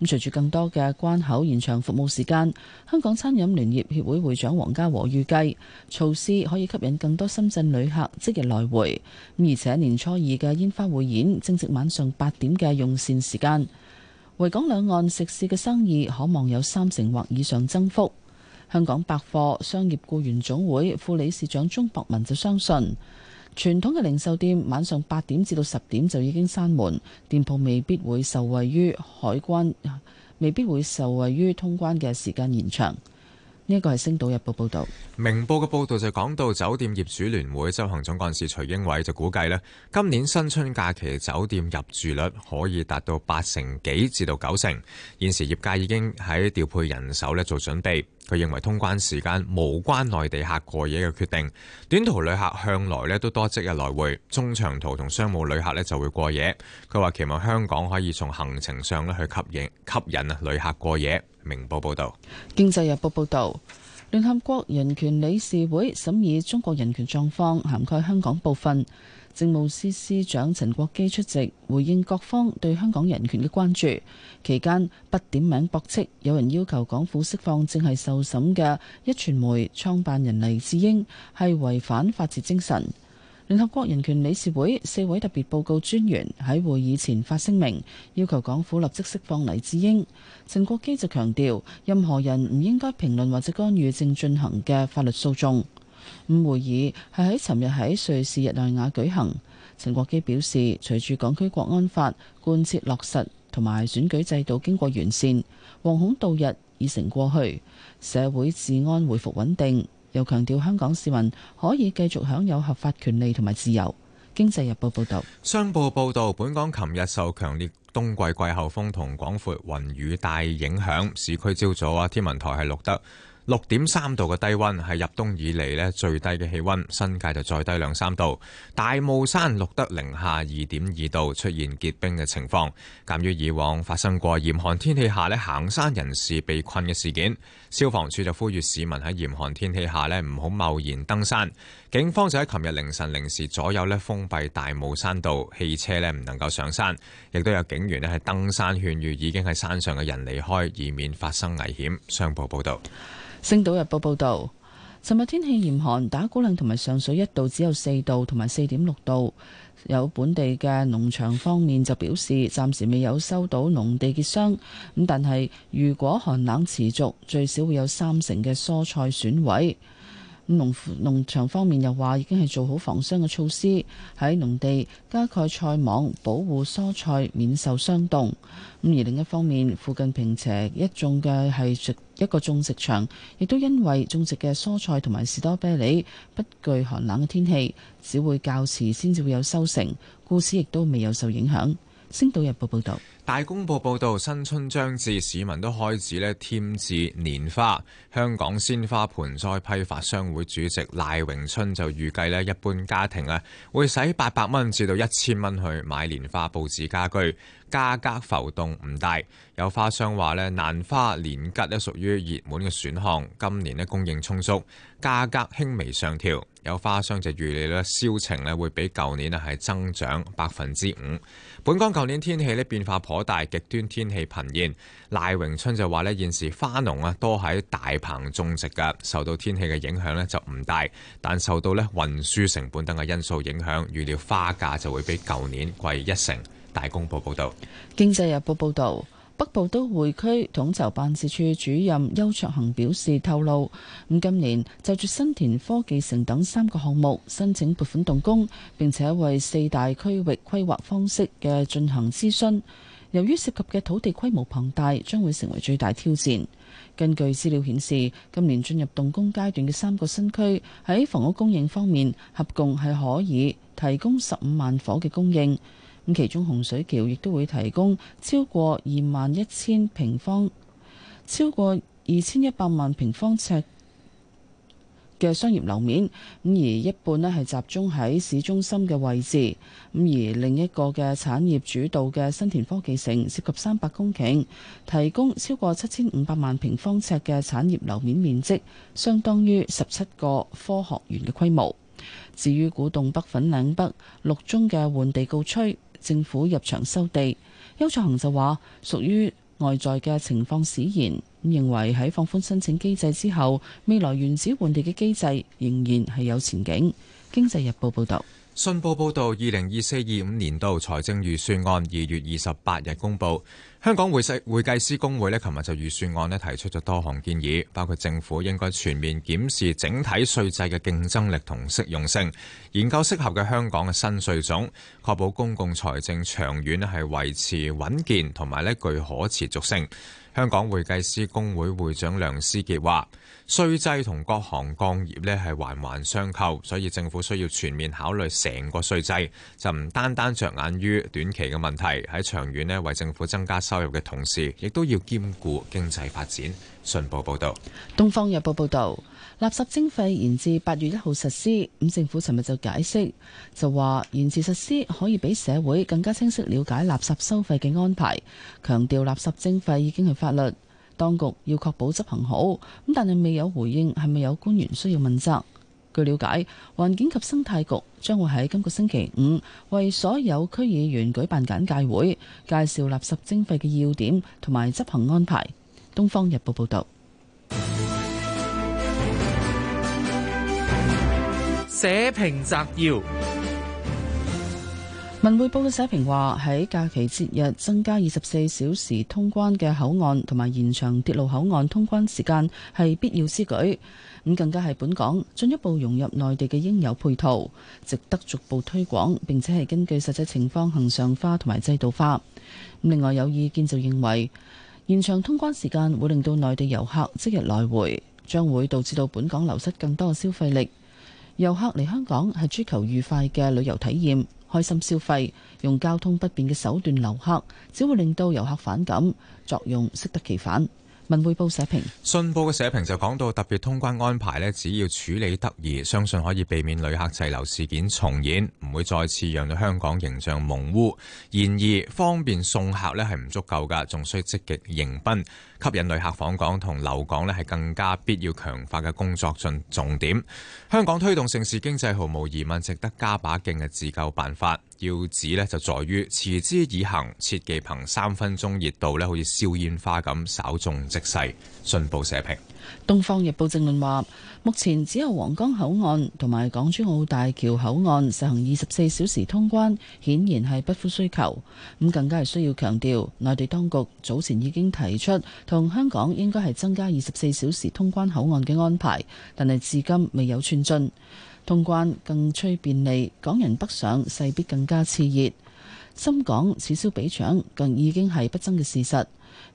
咁隨住更多嘅關口延長服務時間，香港餐飲聯業協會會長黃家和預計措施可以吸引更多深圳旅客即日來回。而且年初二嘅煙花匯演正值晚上八點嘅用膳時間，維港兩岸食肆嘅生意可望有三成或以上增幅。香港百貨商業雇員總會副理事長鐘博文就相信，傳統嘅零售店晚上八點至到十點就已經閂門，店鋪未必會受惠於海關，未必會受惠於通關嘅時間延長。呢一個係《星島日報》報道。明報嘅報道就講到酒店業主聯會執行總幹事徐英偉就估計咧，今年新春假期酒店入住率可以達到八成幾至到九成。現時業界已經喺調配人手呢做準備。佢認為通關時間無關內地客過夜嘅決定，短途旅客向來呢都多即日來回，中長途同商務旅客呢就會過夜。佢話期望香港可以從行程上呢去吸引吸引旅客過夜。明報報導，經濟日報報導，聯合國人權理事會審議中國人權狀況，涵蓋香港部分。政務司司長陳國基出席回應各方對香港人權嘅關注，期間不點名駁斥有人要求港府釋放正係受審嘅壹傳媒創辦人黎智英，係違反法治精神。聯合國人權理事會四位特別報告專員喺會議前發聲明，要求港府立即釋放黎智英。陳國基就強調，任何人唔應該評論或者干預正進行嘅法律訴訟。五會議係喺尋日喺瑞士日內瓦舉行。陳國基表示，隨住港區國安法貫徹落實同埋選舉制度經過完善，惶恐度日已成過去，社會治安回復穩定。又強調香港市民可以繼續享有合法權利同埋自由。經濟日報報道。商報報道：本港琴日受強烈冬季季候風同廣闊雲雨帶影響，市區朝早啊天文台係錄得，六點三度嘅低溫係入冬以嚟咧最低嘅氣溫，新界就再低兩三度。大霧山錄得零下二點二度，出現結冰嘅情況。鑑於以往發生過嚴寒天氣下咧行山人士被困嘅事件，消防處就呼籲市民喺嚴寒天氣下咧唔好貿然登山。警方就喺琴日凌晨零時左右呢封閉大帽山道，汽車呢唔能夠上山，亦都有警員呢喺登山勸喻，已經喺山上嘅人離開，以免發生危險。商報報道，《星島日報》報道，尋日天氣嚴寒，打鼓嶺同埋上水一度只有四度同埋四點六度，有本地嘅農場方面就表示暫時未有收到農地結霜，咁但係如果寒冷持續，最少會有三成嘅蔬菜損毀。農農場方面又話已經係做好防霜嘅措施，喺農地加蓋菜網，保護蔬菜免受霜凍。咁而另一方面，附近平斜一棟嘅係植一個種植場，亦都因為種植嘅蔬菜同埋士多啤梨，不具寒冷嘅天氣，只會較遲先至會有收成，故此亦都未有受影響。星島日報報道。大公報報導，新春將至，市民都開始咧添置年花。香港鮮花盆栽批發商會主席賴榮春就預計咧，一般家庭咧會使八百蚊至到一千蚊去買年花佈置家居，價格浮動唔大。有花商話咧，蘭花、年桔都屬於熱門嘅選項，今年咧供應充足，價格輕微上調。有花商就預期咧銷情咧會比舊年啊係增長百分之五。本港舊年天氣咧變化頗大，極端天氣頻現。賴榮春就話咧，現時花農啊多喺大棚種植嘅，受到天氣嘅影響咧就唔大，但受到咧運輸成本等嘅因素影響，預料花價就會比舊年貴一成。大公報報道，《經濟日報》報道。北部都會區統籌辦事處主任邱卓恒表示透露，咁今年就住新田科技城等三個項目申請撥款動工，並且為四大區域規劃方式嘅進行諮詢。由於涉及嘅土地規模龐大，將會成為最大挑戰。根據資料顯示，今年進入動工階段嘅三個新區，喺房屋供應方面，合共係可以提供十五萬伙嘅供應。咁，其中洪水橋亦都會提供超過二萬一千平方、超過二千一百萬平方尺嘅商業樓面。咁而一半呢係集中喺市中心嘅位置。咁而另一個嘅產業主導嘅新田科技城，涉及三百公頃，提供超過七千五百萬平方尺嘅產業樓面面積，相當於十七個科學園嘅規模。至於古洞北粉嶺北六中嘅換地告吹。政府入場收地，邱卓恒就話：屬於外在嘅情況使然，咁認為喺放寬申請機制之後，未來原址換地嘅機制仍然係有前景。經濟日報報導。信報報道，二零二四二五年度財政預算案二月二十八日公布。香港會計會計師公會呢琴日就預算案呢提出咗多項建議，包括政府應該全面檢視整體稅制嘅競爭力同適用性，研究適合嘅香港嘅新稅種，確保公共財政長遠咧係維持穩健同埋咧具可持續性。香港會計師公會會長梁思杰話：稅制同各行各業呢係環環相扣，所以政府需要全面考慮成個稅制，就唔單單着眼於短期嘅問題，喺長遠呢為政府增加收入嘅同時，亦都要兼顧經濟發展。信報報道，東方日報報道。垃圾徵費延至八月一號實施，咁政府尋日就解釋就話延遲實施可以俾社會更加清晰了解垃圾收費嘅安排，強調垃圾徵費已經係法律，當局要確保執行好。咁但係未有回應係咪有官員需要問責。據了解，環境及生態局將會喺今個星期五為所有區議員舉辦簡介會，介紹垃圾徵費嘅要點同埋執行安排。《東方日報》報導。社評摘要，文匯報嘅社評話喺假期節日增加二十四小時通關嘅口岸，同埋延長鐵路口岸通關時間係必要之舉。咁更加係本港進一步融入內地嘅應有配套，值得逐步推廣，並且係根據實際情況恆常化同埋制度化。另外有意見就認為，延長通關時間會令到內地遊客即日來回，將會導致到本港流失更多嘅消費力。遊客嚟香港係追求愉快嘅旅遊體驗，開心消費，用交通不便嘅手段留客，只會令到遊客反感，作用適得其反。文匯報社評，信報嘅社評就講到，特別通關安排呢，只要處理得宜，相信可以避免旅客滯留事件重演，唔會再次讓到香港形象蒙污。然而，方便送客呢係唔足夠噶，仲需積極迎賓，吸引旅客訪港同留港呢係更加必要，強化嘅工作進重點。香港推動城市經濟，毫無疑問值得加把勁嘅自救辦法。要指呢，就在於持之以恒切忌憑三分鐘熱度呢好似燒煙花咁稍縱即逝。信報社評，《東方日報》正論話：目前只有皇崗口岸同埋港珠澳大橋口岸實行二十四小時通關，顯然係不敷需求。咁更加係需要強調，內地當局早前已經提出同香港應該係增加二十四小時通關口岸嘅安排，但係至今未有寸進。通關更趨便利，港人北上勢必更加熾熱。深港此消彼長更已經係不爭嘅事實，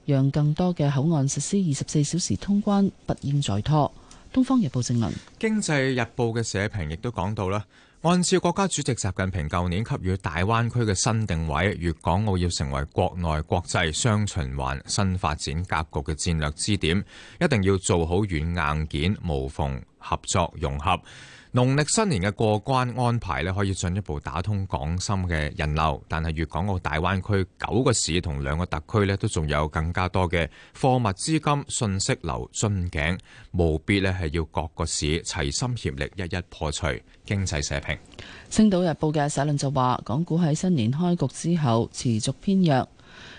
讓更多嘅口岸實施二十四小時通關，不應再拖。《東方日報》正文，《經濟日報》嘅社評亦都講到啦。按照國家主席習近平舊年給予大灣區嘅新定位，粵港澳要成為國內國際雙循環新發展格局嘅戰略支點，一定要做好軟硬件無縫合作融合。農曆新年嘅過關安排咧，可以進一步打通港深嘅人流，但係粵港澳大灣區九個市同兩個特區咧，都仲有更加多嘅貨物資金信息流樽頸，務必咧係要各個市齊心協力一一破除。經濟社評。星島日報嘅社論就話，港股喺新年開局之後持續偏弱。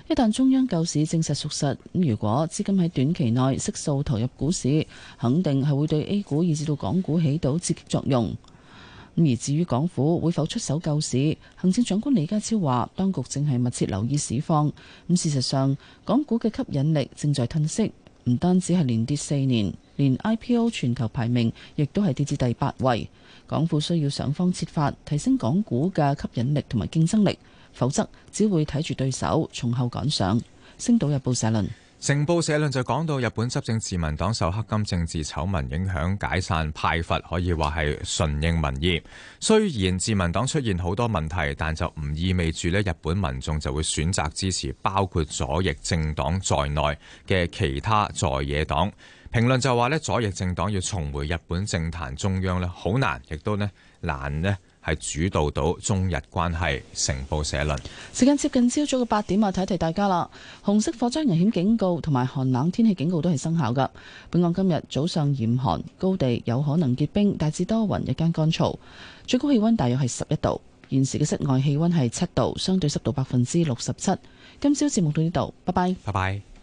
一旦中央救市證實屬實，如果資金喺短期內悉數投入股市，肯定係會對 A 股以至到港股起到刺激作用。咁而至於港府會否出手救市，行政長官李家超話，當局正係密切留意市況，咁事實上，港股嘅吸引力正在褪色，唔單止係連跌四年，連 IPO 全球排名亦都係跌至第八位。港府需要想方設法提升港股嘅吸引力同埋競爭力。否則只會睇住對手從後趕上。星島日報社論，成報社論就講到日本執政自民黨受黑金政治醜聞影響解散派閥，可以話係順應民意。雖然自民黨出現好多問題，但就唔意味住咧日本民眾就會選擇支持包括左翼政黨在內嘅其他在野黨。評論就話咧左翼政黨要重回日本政壇中央咧，好難，亦都咧難咧。係主導到中日關係，成報社論。時間接近朝早嘅八點啊，我提提大家啦。紅色火災危險警告同埋寒冷天氣警告都係生效噶本港今日早上嚴寒，高地有可能結冰，大致多雲，日間乾燥，最高氣温大約係十一度。現時嘅室外氣温係七度，相對濕度百分之六十七。今朝節目到呢度，拜拜。拜拜。